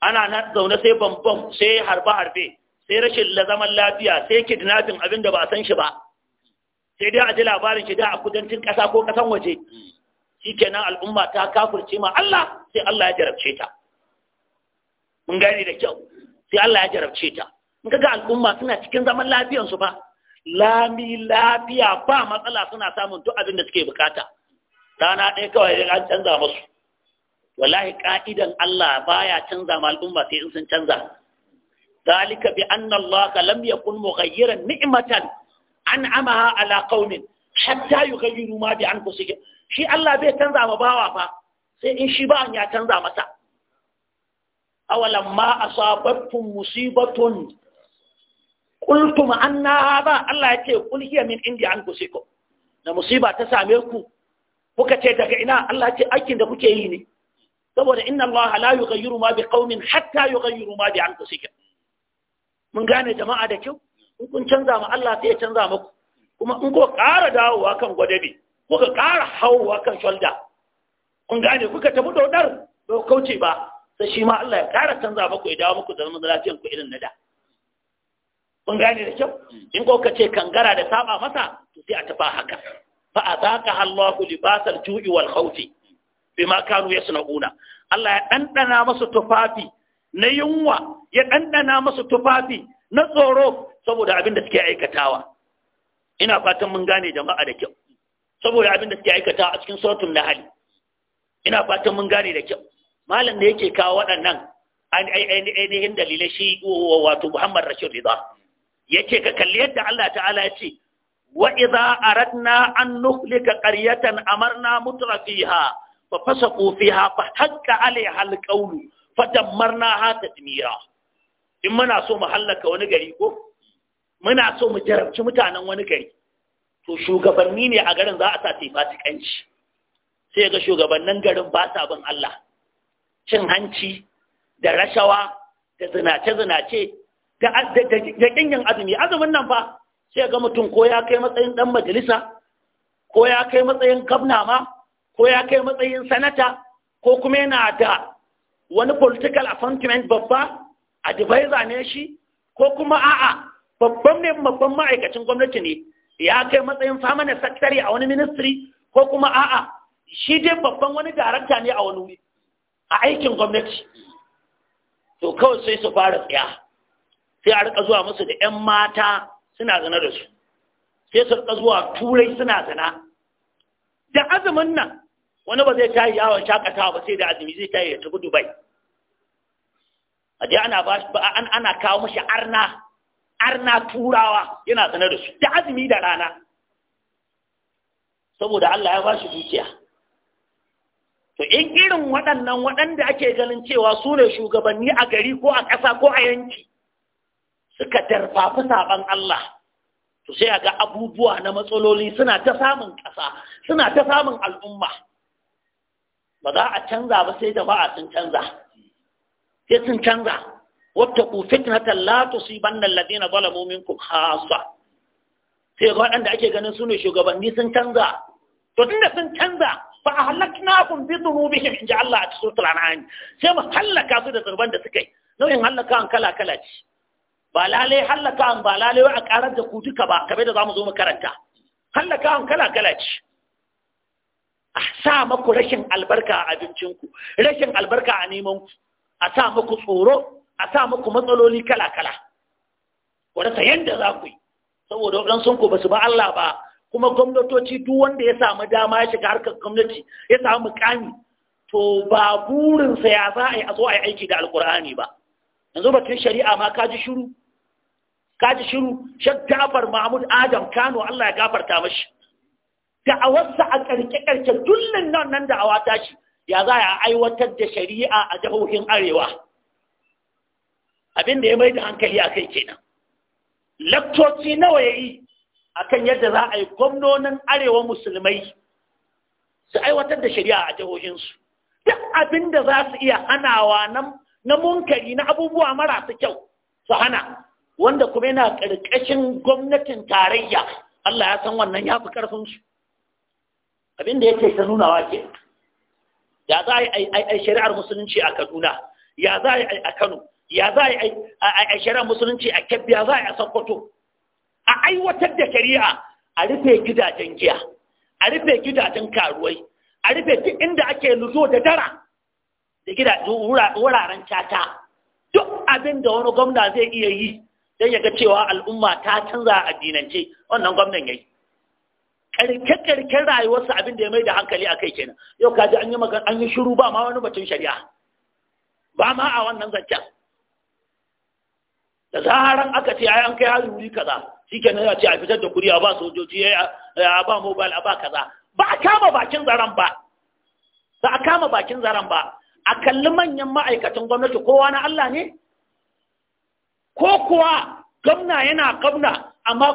ana zaune sai bambam sai harbe-harbe sai rashin zaman lafiya sai kidnapping abin da ba san shi ba sai dai a ji labarin shi da a kudancin ƙasa ko ƙasan waje kenan al'umma ta kafurce ma Allah sai Allah ya jarabce ta mun gane da kyau sai Allah ya jarabce ta in kaga al'umma suna cikin zaman lafiyar su ba lami lafiya ba matsala suna samun duk abin da suke bukata rana ɗaya kawai an canza musu wallahi ka'idan Allah baya canza ma al'umma sai in sun canza zalika bi anna Allah lam yakun mughayyiran ni'matan an'amaha ala qaumin hatta yughayyiru ma bi anfusihim shi Allah bai canza ma bawa fa sai in shi ba ya canza masa awalan ma asabatkum musibatun qultum anna ba Allah ya ce qul hiya min indi anfusikum da musiba ta same ku kuka ce daga ina Allah ce aikin da kuke yi ne saboda inna Allah la yughayyiru ma bi qaumin hatta yughayyiru ma bi anfusihim mun gane jama'a da kyau in kun canza ma Allah sai ya canza muku kuma in ko ƙara dawowa kan gwadabi, kuka ƙara hawowa kan shoulder kun gane kuka tafi dodar ba kauce ba sai shi ma Allah ya ƙara canza muku ya dawo muku da zaman lafiyan ku irin na da kun gane da kyau in ko ka ce kangara da saba masa to sai a tafa haka fa azaka Allahu libasal ju'i wal khawfi bima kanu yasnauna Allah ya dandana masu tufafi na yunwa ya dandana masu tufafi na tsoro saboda abin da suke aikatawa ina fatan mun gane jama'a da kyau saboda abin da suke aikatawa a cikin suratul nahl ina fatan mun gane da kyau malam da yake kawo waɗannan ainihin dalilai shi wato Muhammad Rashid Rida Yake ka kalli yadda Allah ta'ala ya ce wa idza aradna an nuhlika qaryatan amarna mutra fiha fa fasaqu fiha fa hakka alaiha alqawlu fa ha tadmira in muna so mu hallaka wani gari ko muna so mu jarabci mutanen wani gari to shugabanni ne a garin za a sa fasikanci sai ga shugabannin garin ba sa bin Allah cin hanci da rashawa da zinace-zinace da kinyin azumi azumin nan fa sai ga mutum ko ya kai matsayin ɗan majalisa ko ya kai matsayin gwamna ma ko ya kai matsayin sanata ko kuma yana da wani political appointment babba advisor ne shi ko kuma a'a babban ne babban ma'aikacin gwamnati ne ya kai matsayin famanin secretary a wani ministry ko kuma a'a shi dai babban wani darakta ne a wani a aikin gwamnati to kawai sai su fara tsaya sai a rika zuwa musu da 'yan mata suna zana da su sai su rika zuwa turai suna zana da azumin nan wani ba zai tayi yawon shakatawa ba sai da azumi zai tayi ya tafi dubai a je ana ana kawo mashi arna arna turawa yana zana da su da azumi da rana saboda Allah ya ba shi dukiya to in irin waɗannan waɗanda ake ganin cewa su ne shugabanni a gari ko a ƙasa ko a yanki suka tarfafi saban Allah to sai ga abubuwa na matsaloli suna ta samun ƙasa suna ta samun al'umma ba za a canza ba sai da a, sun canza sai sun canza wata ku fitnatan la tusibanna alladhina zalamu minkum khassa sai ga waɗanda ake ganin su ne shugabanni sun canza to tunda sun canza fa ahlaknakum bi dhunubihim inja Allah a cikin suratul an'am sai mu halaka su da zurban da suka yi nau'in halaka an kala kala ce ba lalai hallaka an ba lalai wa a karar da kutuka duka ba kamar da zamu zo mu karanta hallaka an kala kala ce a sa maku rashin albarka a abincinku rashin albarka a neman ku a sa maku tsoro a sa maku matsaloli kala kala wanda ta yanda za ku yi saboda waɗansu ku ba su ba Allah ba kuma gwamnatoci duk wanda ya samu dama ya shiga harkar gwamnati ya samu mukami to ba burinsa ya za a yi a zo a yi aiki da alkur'ani ba yanzu batun shari'a ma ka ji shiru kaji shiru shak Mahmud Adam Kano Allah ya gafarta mashi da'awarsa a karke-karke dullun nan nan da'awa ta shi ya za a aiwatar da shari'a a jihohin arewa abin da ya mai da hankali a kai kenan laktoci nawa ya yi a kan yadda za a yi gwamnonin arewa musulmai su aiwatar da shari'a a jihohinsu duk abin da za su iya hanawa na munkari na abubuwa marasa kyau su hana wanda kuma yana ƙarƙashin gwamnatin tarayya Allah ya san wannan ya fi ƙarfin su abin da yake ta nunawa ke ya za a yi shari'ar musulunci a Kaduna ya za a yi a Kano ya za a yi shari'ar musulunci a Kebbi ya za a yi a Sokoto a aiwatar da shari'a a rufe gidajen giya a rufe gidajen karuwai a rufe duk inda ake luzo da dara da wuraren cata duk abin da wani gwamna zai iya yi don yaga cewa al'umma ta canza a addinance wannan gwamnan yi. karke-karken rayuwarsa abin da ya mai da hankali a kai kenan yau kaji an yi magana an yi shiru ba ma wani batun shari'a ba ma a wannan zancen da zaharan aka ce ai an kai hali wuri kaza shikenan ya ce a fitar da kuriya ba sojoji a ba mobile a ba kaza ba a kama bakin zaren ba ba a kama bakin zaren ba a kalli manyan ma'aikatan gwamnati kowa na Allah ne ko kuwa gwamna yana gwamna amma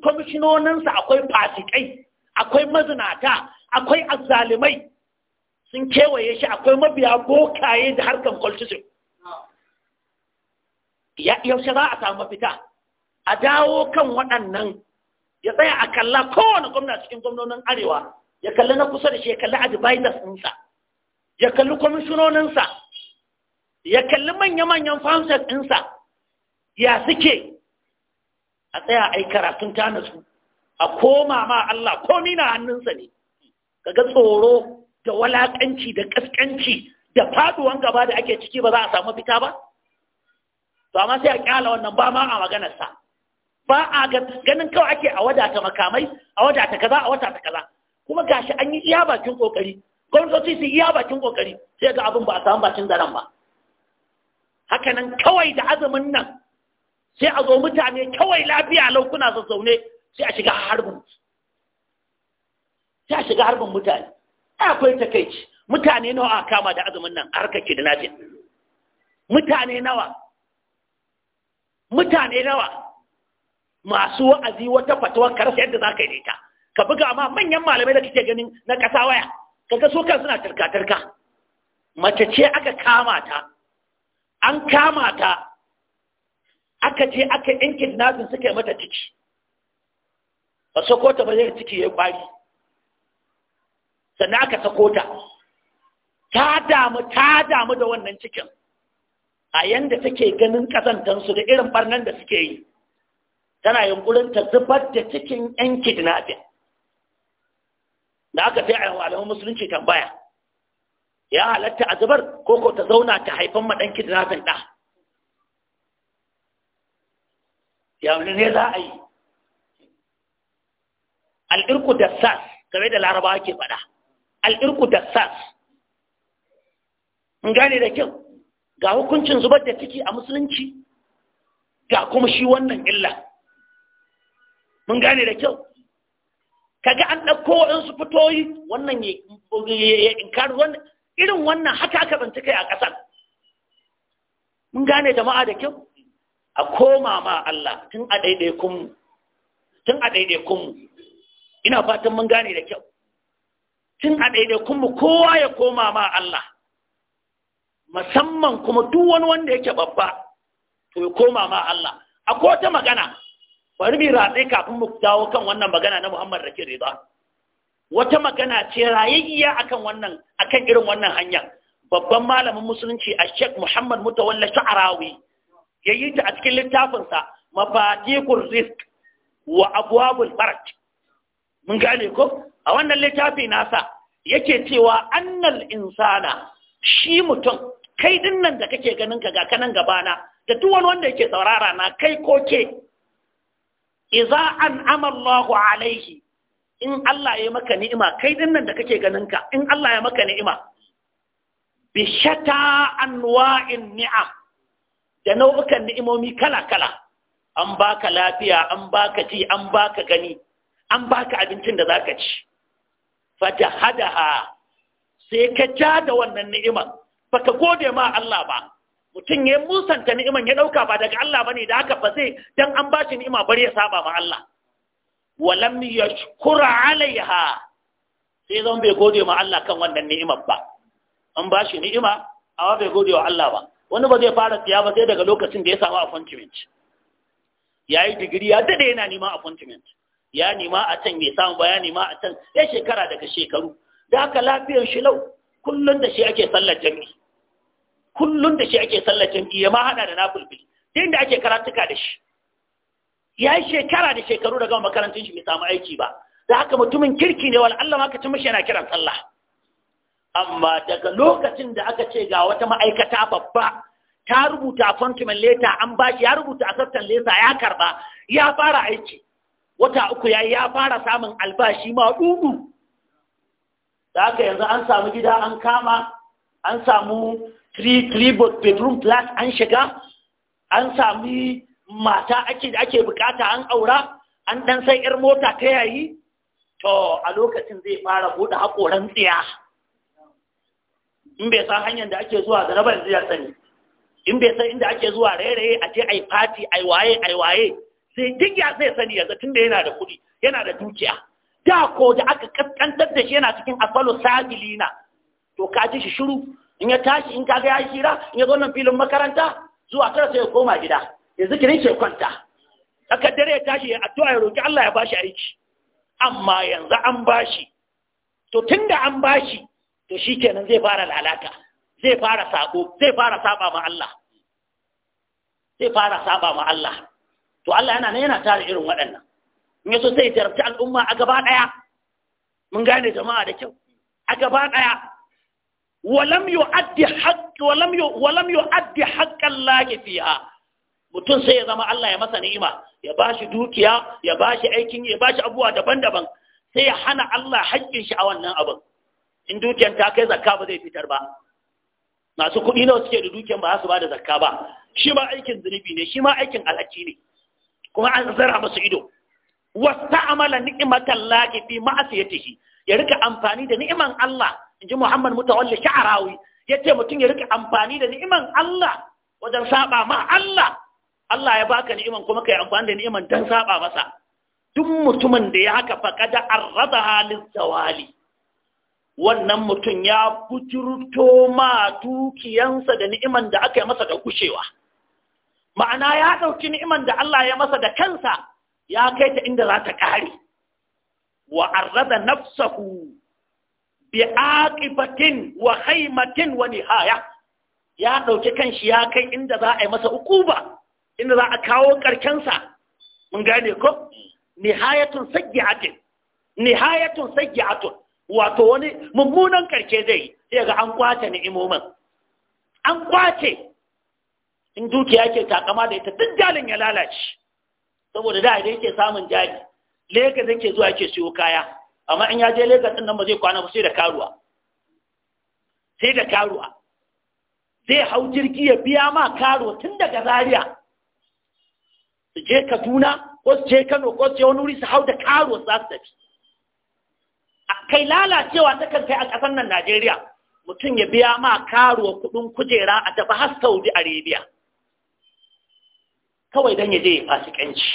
kwamishinoninsa akwai fasikai akwai mazinata akwai azzalimai sun kewaye shi akwai mabiya bokaye da harkar ya yaushe za a samu fita a dawo kan waɗannan ya tsaya a kalla kowane gwamna cikin gwamnonin arewa ya kalli na kusa da shi ya kalli advisors ɗinsa ya kalli kwamishinoninsa ya kalli manya-manyan fansas ɗinsa ya suke a tsaya a yi karatun tana su a koma ma Allah komi na hannunsa ne ga tsoro da walakanci da kaskanci da faduwan gaba da ake ciki ba za a samu fita ba to ma sai a kyala wannan ba ma a maganarsa ba a ganin kawai ake a wadata makamai a wadata kaza a wadata kaza kuma gashi an yi iya bakin kokari gwamnatoci su iya bakin kokari sai ga abin ba a samu bakin zaren ba haka nan kawai da azumin nan sai a zo mutane kawai lafiya lau kuna zaune sai a shiga harbin sai a shiga harbin mutane akwai takaici mutane nawa a kama da azumin nan harkar ke da lafiya mutane nawa mutane nawa masu wa'azi wata fatuwar karsa yadda za ka yi ta ka buga ma manyan malamai da kake ganin na ƙasa waya ka ga kan suna tarka-tarka mace ce aka kama ta an kama ta aka ce aka in kidnapping suka yi mata ciki ba sokota ba zai ciki ya kwari sannan aka sako ta ta damu ta damu da wannan cikin a yanda take ganin kazantansu da irin barnan da suke yi tana yunkurin ta zubar da cikin yan kidnapping da aka sai a malaman musulunci tambaya ya halatta a zubar ko ko ta zauna ta haifan maɗan dan kidnapping ɗa yanzu ne za a yi al'irku da sas game da laraba ke faɗa al'irku da sas in gane da kyau ga hukuncin zubar da ciki a musulunci ga kuma shi wannan illa mun gane da kyau kaga an ɗauko waɗansu fitoyi wannan ya inkari wannan irin wannan haka aka bincika a ƙasar mun gane jama'a da kyau a koma ma Allah tun a kunmu, tun a kunmu ina fatan mun gane da kyau tun a kunmu kowa ya koma ma Allah musamman kuma duk wani wanda yake babba to ya koma ma Allah a wata magana bari mu ratsai kafin mu dawo kan wannan magana na Muhammad ke Reza wata magana ce rayayya akan wannan akan irin wannan hanya babban malamin musulunci a Sheikh Muhammad Mutawalla Sha'arawi ya yi ta a cikin littafinsa mafadikun risk wa abwabul faraj mun gane ko a wannan littafi nasa yake cewa annal insana shi mutum kai din nan da kake ganin ka ga nan gabana da duk wani wanda yake saurara na kai ko ke idza an amallahu alaihi in Allah ya maka ni'ima kai din nan da kake ganin ka in Allah ya maka ni'ima bi shata anwa'in ni'am da nau'ukan ni'imomi kala-kala an baka lafiya an baka ji an baka gani an baka abincin da zaka ci hadaha sai ka ja da wannan ni'imar baka gode ma Allah ba mutum ya musanta ni'iman ya dauka ba daga Allah bane da haka ba sai dan an bashi ni'ima bari ya saba ma Allah walam yashkura alaiha sai zan bai gode ma Allah kan wannan ni'imar ba an bashi ni'ima amma bai gode wa Allah ba wani ba zai fara siya ba sai daga lokacin da ya samu appointment ya yi digiri ya daɗe yana nema appointment ya nema a can mai samu ba ya nema a can ya shekara daga shekaru da haka lafiyar shi lau kullum da shi ake sallar jami'i kullum da shi ake sallar jami'i ya ma hada da nafulfili sai da ake karatuka da shi ya yi shekara da shekaru daga makarantun shi bai samu aiki ba da haka mutumin kirki ne wal Allah ma ka ci mashi yana kiran sallah amma daga lokacin da aka ce ga wata ma'aikata babba ta rubuta fontimen leta an ba shi ya rubuta a sassan leta ya karba ya fara aiki wata uku ya ya fara samun albashi ma dubu da aka yanzu an samu gida an kama an samu three bedroom plus an shiga an sami mata ake ake bukata an aura an dan sai yar mota ta yayi to a lokacin zai fara bude hakoran tsiya in bai san hanyar da ake zuwa garaba yanzu sani in bai san inda ake zuwa rairaye a ce ai fati ai waye ai waye sai duk ya zai sani yanzu da yana da kuɗi yana da dukiya da ko da aka kaskantar da shi yana cikin asalo sabilina to ka ji shi shiru in ya tashi in kaga ya shira in ya zo nan filin makaranta zuwa kar sai ya koma gida ya zikirin shi kwanta aka dare ya tashi ya addu'a ya roki Allah ya bashi aiki amma yanzu an bashi to tunda an bashi to shi kenan zai fara lalata zai fara sako zai fara saba ma Allah zai fara saba ma Allah to Allah yana ne yana tare irin waɗannan in yaso sai tarabta al'umma a gaba ɗaya mun gane jama'a da kyau a gaba ɗaya walam yu'addi haqq walam yu walam yu'addi haqqan lahi fiha mutum sai ya zama Allah ya masa ni'ima ya bashi dukiya ya bashi aikin ya bashi abubuwa daban-daban sai ya hana Allah haƙƙin shi a wannan abin in dukiyan ta kai zakka ba zai fitar ba masu kuɗi nawa suke da dukiyan ba su ba da zakka ba shi ma aikin zunubi ne shi ma aikin alhaki ne kuma an zara masu ido wasta'amala ni'matan lahi fi ma'asiyatihi ya rika amfani da ni'iman Allah inji Muhammad Mutawalli Ya yace mutum ya rika amfani da ni'iman Allah wajen saba ma Allah Allah ya baka ni'iman kuma kai amfani da ni'iman dan saba masa duk mutumin da ya haka faqada arradaha lizawali wannan mutum ya bujurto ma dukiyansa da ni'iman da aka yi masa da kushewa. ma'ana ya ɗauki ni'iman da Allah ya masa da kansa ya kai ta inda za ta ƙare wa arrada nafsahu bi aqibatin wa haimatin wa nihaya ya ɗauki kanshi ya kai inda za a yi masa ukuba inda za a kawo ƙarkensa mun gane ko nihayatun sayyi'atin nihayatun sayyi'atun wato wani mummunan karshe zai sai ga an kwace ni'imomin an kwace in dukiya ke takama da ita duk jalin ya lalace saboda da idan yake samun jari leka yake zuwa yake siyo kaya amma in ya je Legas din nan ba zai kwana ba sai da karuwa sai da karuwa zai hau jirgi ya biya ma karo tun daga Zaria su je Kaduna ko su je Kano ko su je wani wuri su hau da karo su za su tafi kai lalacewa ta kan kai a ƙasar nan Najeriya mutum ya biya ma karuwa kuɗin kujera a tafi har Saudi Arabia kawai don ya je ya fasikanci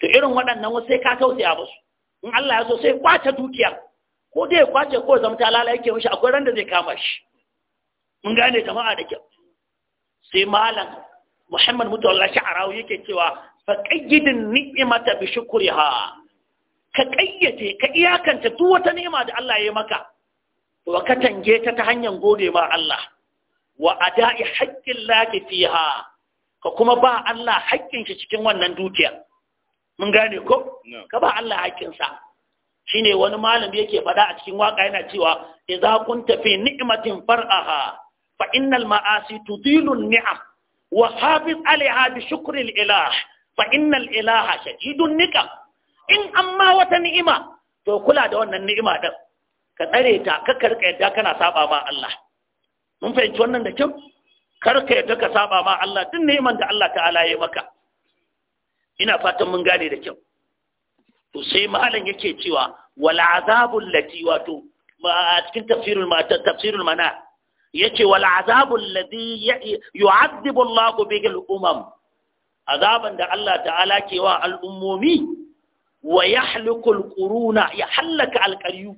to irin waɗannan wasu sai ka tausaya musu in Allah ya so sai kwace dukiya, ko dai ya kwace ko zama ta lalace yake mishi akwai ran da zai kama shi mun gane jama'a da kyau sai malam Muhammad Mutawalla Sha'arawi yake cewa fa ni'imata ni'imata bi ha. ka ƙayyace ka iyakanta duk wata ni'ima da Allah ya maka wa ka tange ta ta hanyar gode ma Allah wa ada'i haƙƙin laki fiha ka kuma ba Allah haƙƙin shi cikin wannan dukiya mun gane ko ka ba Allah haƙƙin sa shine wani malami yake faɗa a cikin waka yana cewa idza kunta fi ni'matin far'aha fa innal ma'asi tudilu ni'am wa hafiz alaiha bi shukri al ilah fa innal ilaha shadidun niqam in amma wata ni'ima to kula da wannan ni'ima din ka tsare ta ka karka yadda kana saba ma Allah mun fahimci wannan da kyau karka yadda ka saba ma Allah duk neman da Allah ta'ala ya maka ina fatan mun gane da kyau to sai malam yake cewa wal azabul lati wato a cikin tafsirul ma tafsirul mana yace wal azabul ladhi yu'adhibu Allahu bihi al umam azaban da Allah ta'ala ke wa al'ummomi wa yahliku alquruna ya halaka alqaryu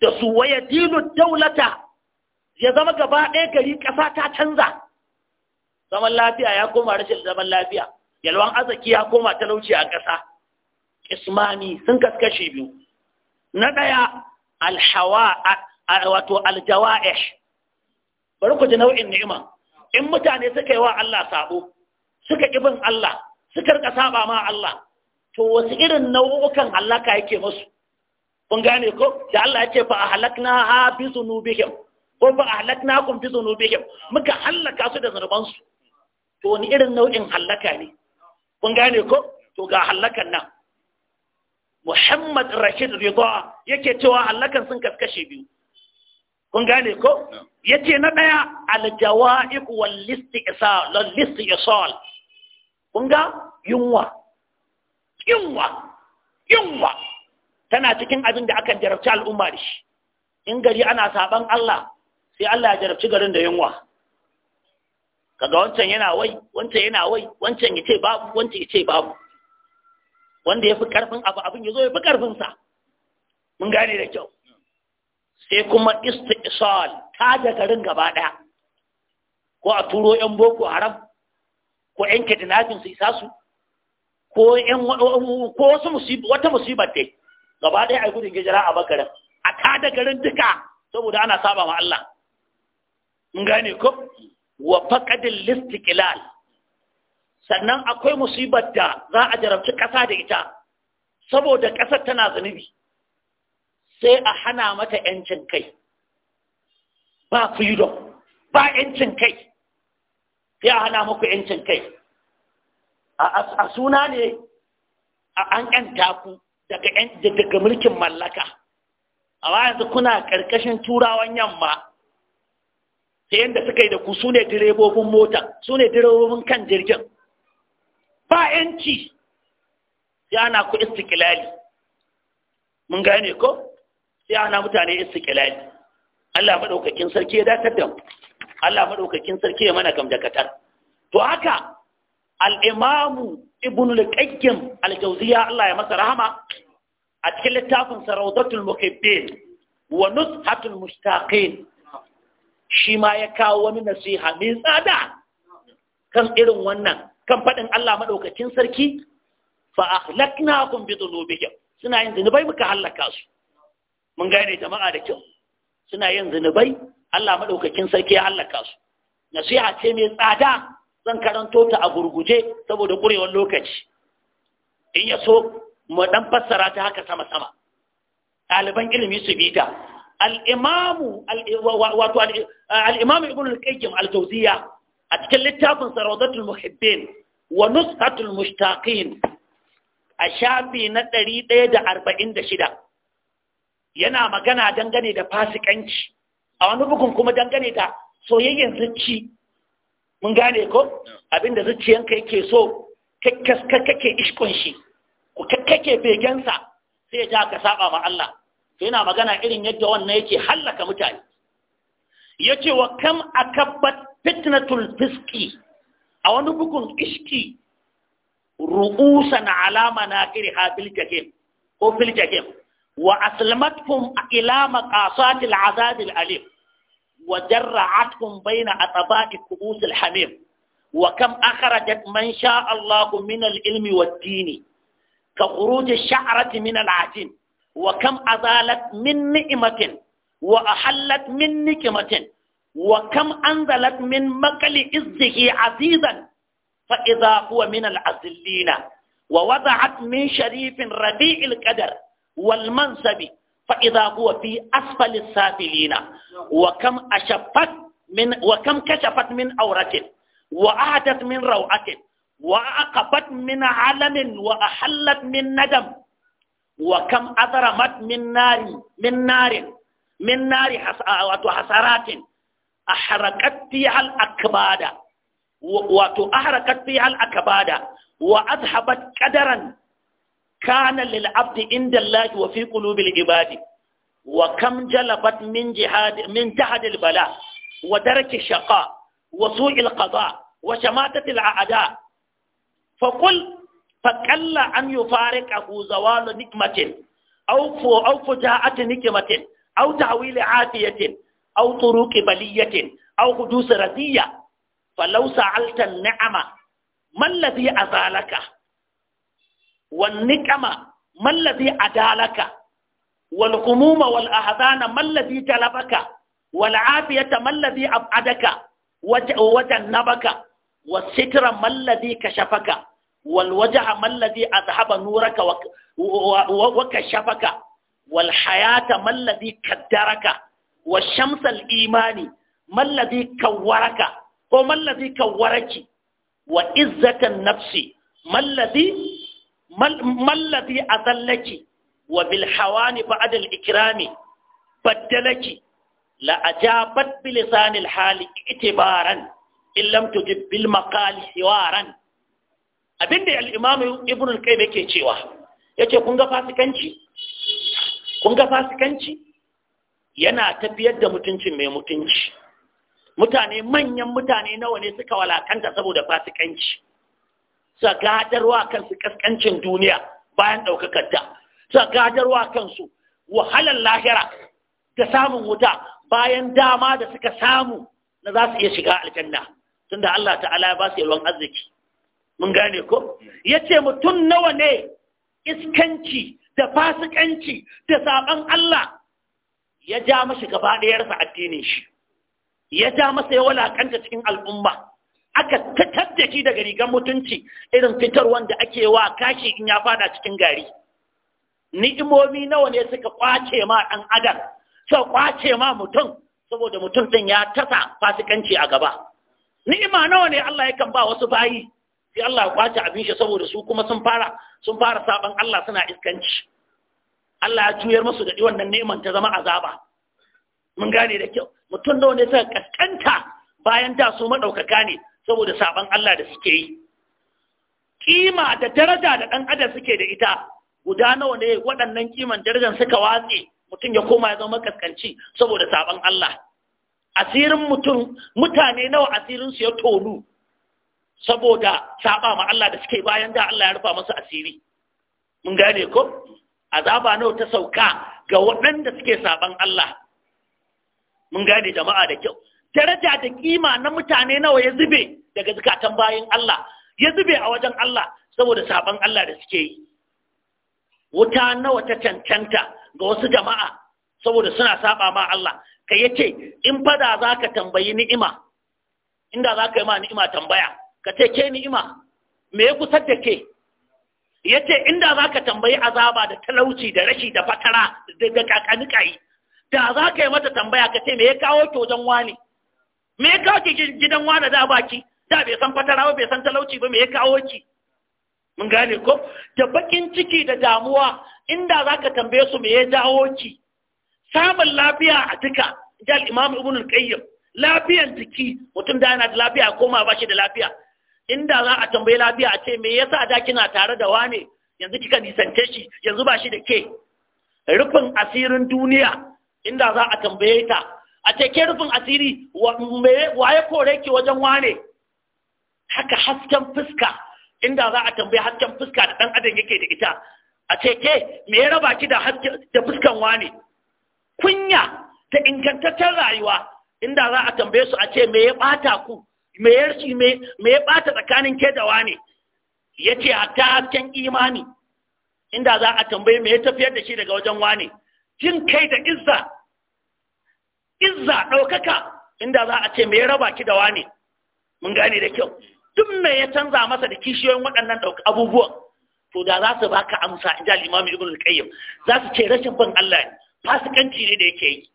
da su wa yadilu daulata ya zama gaba ɗaya gari ƙasa ta canza zaman lafiya ya koma rashin zaman lafiya yalwan arziki ya koma talauci a ƙasa ismani sun kaskashe biyu na ɗaya alhawa wato aljawa'ish bari ku ji nau'in ni'ima in mutane suka yi wa Allah saɓo, suka ki bin Allah suka rika saɓa ma Allah to wasu irin nau'ukan halaka yake musu kun gane ko da Allah ya ce fa ahlakna ha bi zunubihim ko fa kum bi zunubihim muka halaka su da zunuban su to wani irin nau'in halaka ne kun gane ko to ga halakan nan Muhammad Rashid Ridha yake cewa halakan sun kaskashe biyu kun gane ko yace na daya aljawa'iq wal listi'sal kun ga yunwa yunwa yunwa tana cikin abin da aka jarabci al'umma da shi in gari ana saban Allah sai Allah ya jarabci garin da yunwa kaga wancan yana wai wancan yana wai wancan ya ce babu wancan ya ce babu wanda ya fi karfin abu abin ya zo ya fi karfinsa mun gane da kyau sai kuma istisal ta da garin gaba daya ko a turo 'yan boko haram ko 'yan kidnapping su isa su ko wasu musibu wata musibar dai gaba ɗaya a gudun gijira a bakarin a kada garin duka saboda ana saba ma Allah in gane ko wa faqadil listiqlal sannan akwai musibar da za a jarabci ƙasa da ita saboda ƙasar tana zunubi sai a hana mata ‘yancin kai ba freedom ba ‘yancin kai sai a hana maku ‘yancin kai a suna ne an ƴan taku daga mulkin mallaka amma yanzu kuna ƙarƙashin turawan yamma sai yadda suka yi da ku su ne direbobin mota su ne direbobin kan jirgin ba yanci Ya na ku istikilali mun gane ko Ya na mutane istikilali Allah maɗaukakin sarki ya datar da mu Allah maɗaukakin sarki ya mana gamdakatar to haka al'imamu ibn al-qayyim al-jawziya Allah ya masa rahama a cikin littafin saraudatul muhibbin wa nushatul mushtaqin shi ma ya kawo wani nasiha mai tsada kan irin wannan kan faɗin Allah maɗaukacin sarki fa ahlaknakum bi dhunubihim suna yin zunubai muka halaka su mun gane jama'a da kyau suna yin zunubai Allah maɗaukakin sarki ya halaka su nasiha ce mai tsada zan karanto ta a gurguje saboda ƙurewar lokaci in ya so mu dan fassara ta haka sama-sama ɗaliban ilimi su bi ta al'imamu wato al'imamu ibn al-qayyim al-jawziya a cikin littafin saraudatul muhibbin wa nushatul mushtaqin a shafi na da da arba'in shida yana magana dangane da fasikanci a wani bugun kuma dangane da soyayyen zuci mun gane ko abinda zuciyanka yake so kake iskon shi ku kake begensa sai ya ja ka saba ma Allah sai yana magana irin yadda wannan yake hallaka mutane yace wa kam akabbat fitnatul fiski a wani bugun iski ru'usan alama na kiri fil jahim ko fil jahim wa aslamatkum ila maqasatil azab alim وجرعتهم بين أطباء كؤوس الحميم وكم أخرجت من شاء الله من العلم والدين كخروج الشعرة من العجين وكم أزالت من نئمة وأحلت من نكمة وكم أنزلت من مقل إزه عزيزا فإذا هو من العزلين ووضعت من شريف ربيع القدر والمنصب فإذا هو في أسفل السافلين وكم أشفت من وكم كشفت من عورة وأعدت من روعة وأقبت من علم وأحلت من ندم وكم أضرمت من نار من نار من نار حسرات أحرقت فيها الأكباد وأحرقت فيها الأكباد وأذهبت قدرا كان للعبد عند الله وفي قلوب العباد وكم جلبت من جهاد من جهد البلاء ودرك الشقاء وسوء القضاء وشماتة الأعداء فقل فكلا أن يفارقه زوال نكمة أو أو فجاءة نكمة أو تعويل عافية أو طرق بلية أو حدوث رزية فلو سألت النعمة ما الذي أزالك wan niqama mallazi adalaka wal humuma wal ahzana mallazi talabaka wal afiyata mallazi abadaka wajannabaka was sitra mallazi kashafaka wal wajha mallazi nuraka kashafaka wal hayata kaddaraka was imani mallazi kawwaraka ko mallazi kawwaraki wa izzatan nafsi mallazi mallafi a tsallaki wa bilhawani ba'adal ikirami baddalaki la'ajabat bilisanil hali itibaran illam tujib bil maqali siwaran abinda al-imam ibn al-qayyim yake cewa yace kun ga fasikanci yana tafiyar da mutunci mai mutunci mutane manyan mutane nawa ne suka walakanta saboda fasikanci sa gadarwa kansu kaskancin duniya bayan ɗaukakar ta sa gadarwa kansu wahalar lahira da samun wuta bayan dama da suka samu na za su iya shiga aljanna tunda Allah ta'ala ya ba su yalwan arziki mun gane ko yace mutum nawa ne iskanci da fasikanci da saban Allah ya ja mashi gaba ɗayarsa addinin shi ya ja masa ya walakanta cikin al'umma aka tattar da shi daga rigar mutunci irin fitar wanda ake wa kashi in ya fada cikin gari ni'imomi nawa ne suka kwace ma ɗan adam so kwace ma mutum saboda mutum ɗin ya tasa fasikanci a gaba ni'ima nawa ne Allah yakan ba wasu bayi sai Allah ya kwace abin shi saboda su kuma sun fara sun fara saban Allah suna iskanci Allah ya juyar musu da wannan neman ta zama azaba mun gane da kyau mutum nawa ne suka kaskanta bayan da su maɗaukaka ne saboda saban Allah da suke yi kima da daraja da ɗan adam suke da ita guda nawa ne waɗannan kiman darajar suka watse mutum ya koma ya zama kaskanci saboda saban Allah asirin mutum mutane nawa asirin su ya tonu saboda saba ma Allah da suke bayan da Allah ya rufa masa asiri mun gane ko azaba nawa ta sauka ga waɗanda suke saban Allah mun gane jama'a da kyau daraja da kima na mutane nawa ya zube daga zukatan bayin Allah ya zube a wajen Allah saboda saban Allah da suke yi wuta nawa ta cancanta ga wasu jama'a saboda suna saba ma Allah ka yace in fada za ka tambayi ni'ima inda za ka yi ma ni'ima tambaya ka ce ke ni'ima me ya kusa da ke yace inda za ka tambayi azaba da talauci da rashi da fatara da kakani yi, da za ka yi mata tambaya ka ce me ya kawo to wani me ya kawo ki gidan wani da baki da bai san fatarawa bai san talauci ba me ya kawo ki mun gane ko da bakin ciki da damuwa inda za ka tambaye su me ya dawo ki samun lafiya a duka jal imam ibn qayyim lafiyan jiki mutum da yana da lafiya koma ba shi da lafiya inda za a tambayi lafiya a ce me yasa da kina tare da wane yanzu kika nisance shi yanzu ba shi da ke rufin asirin duniya inda za a tambaye ta a teke rufin asiri waye kore ki wajen wane haka hasken fuska inda za a tambayi hasken fuska da ɗan adam yake da ita a teke me ya raba ki da fuskan wane kunya ta ingantaccen rayuwa inda za a tambaye su a ce me ya ɓata ku me ya me ya bata tsakanin ke da wane ya ce hatta hasken imani inda za a tambaye me ya tafiyar da shi daga wajen wane jin kai da izza izza ɗaukaka inda za a ce me ya raba ki da wane mun gane da kyau duk me ya canza masa da kishiyoyin waɗannan abubuwan to da za su baka amsa in ja limami Ibn al-Qayyim za su ce rashin bin Allah ne fasikanci ne da yake yi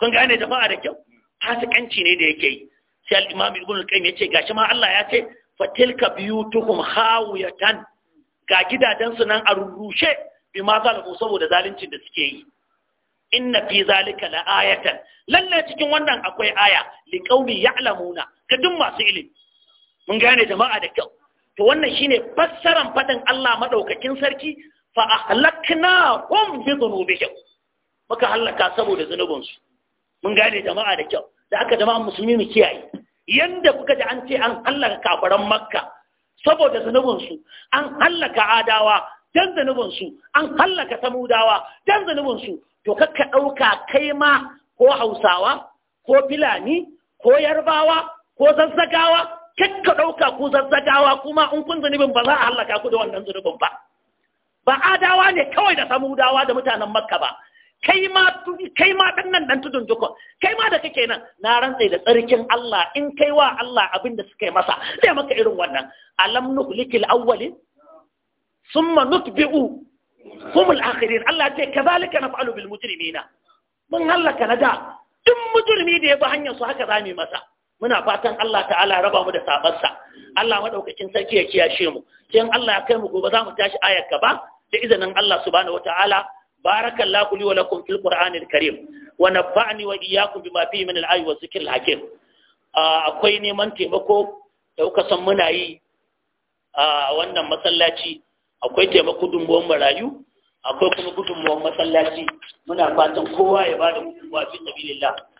kun gane jama'a da kyau fasikanci ne da yake yi sai al-Imam Ibn al-Qayyim yace gashi ma Allah ya ce fa fatilka biyutukum hawiyatan ga gidajen su nan a rurrushe bi ma zalamu saboda zaluncin da suke yi inna fi zalika la ayatan lalle cikin wannan akwai aya li qaumi ya'lamuna ga duk masu ilimi mun gane jama'a da kyau to wannan shine fassaran fadin Allah madaukakin sarki fa ahlakna hum bi dhunubihim muka halaka saboda su. mun gane jama'a da kyau da aka jama'an musulmi mu kiyaye yanda kuka ji an ce an halaka kafiran makka saboda zunubinsu an halaka adawa dan su. an halaka samudawa dan su. to kakka ɗauka kai ma ko hausawa ko filani ko yarbawa ko zazzagawa kakka ɗauka ku zazzagawa kuma in kun zunubin ba za a hallaka ku da wannan zunubin ba ba adawa ne kawai da samudawa da mutanen makka ba kai ma kai ma dan nan dan tudun duko kai ma da kake nan na rantsa da tsarkin Allah in kai wa Allah abin da suka yi masa zai maka irin wannan alam nuhlikil awwalin summa nutbi'u humul akhirin Allah ce kazalika naf'alu bil mujrimina mun halaka na da duk mujurmi da ya fi hanyar su haka zamu masa muna fatan Allah ta'ala raba mu da sabarsa Allah madaukakin sarki ya kiyashe mu sai Allah ya kai mu gobe zamu tashi ayar ba. da izinin Allah subhanahu wataala barakallahu li wa lakum fil qur'anil karim wa nafa'ni wa iyyakum bima fihi min al-ayati wa dhikril akwai neman taimako da kuka san muna yi a wannan masallaci akwai taimako gudunmuwan marayu akwai kuma gudunmuwan masallaci muna fatan kowa ya bada gudunmuwa fi lillah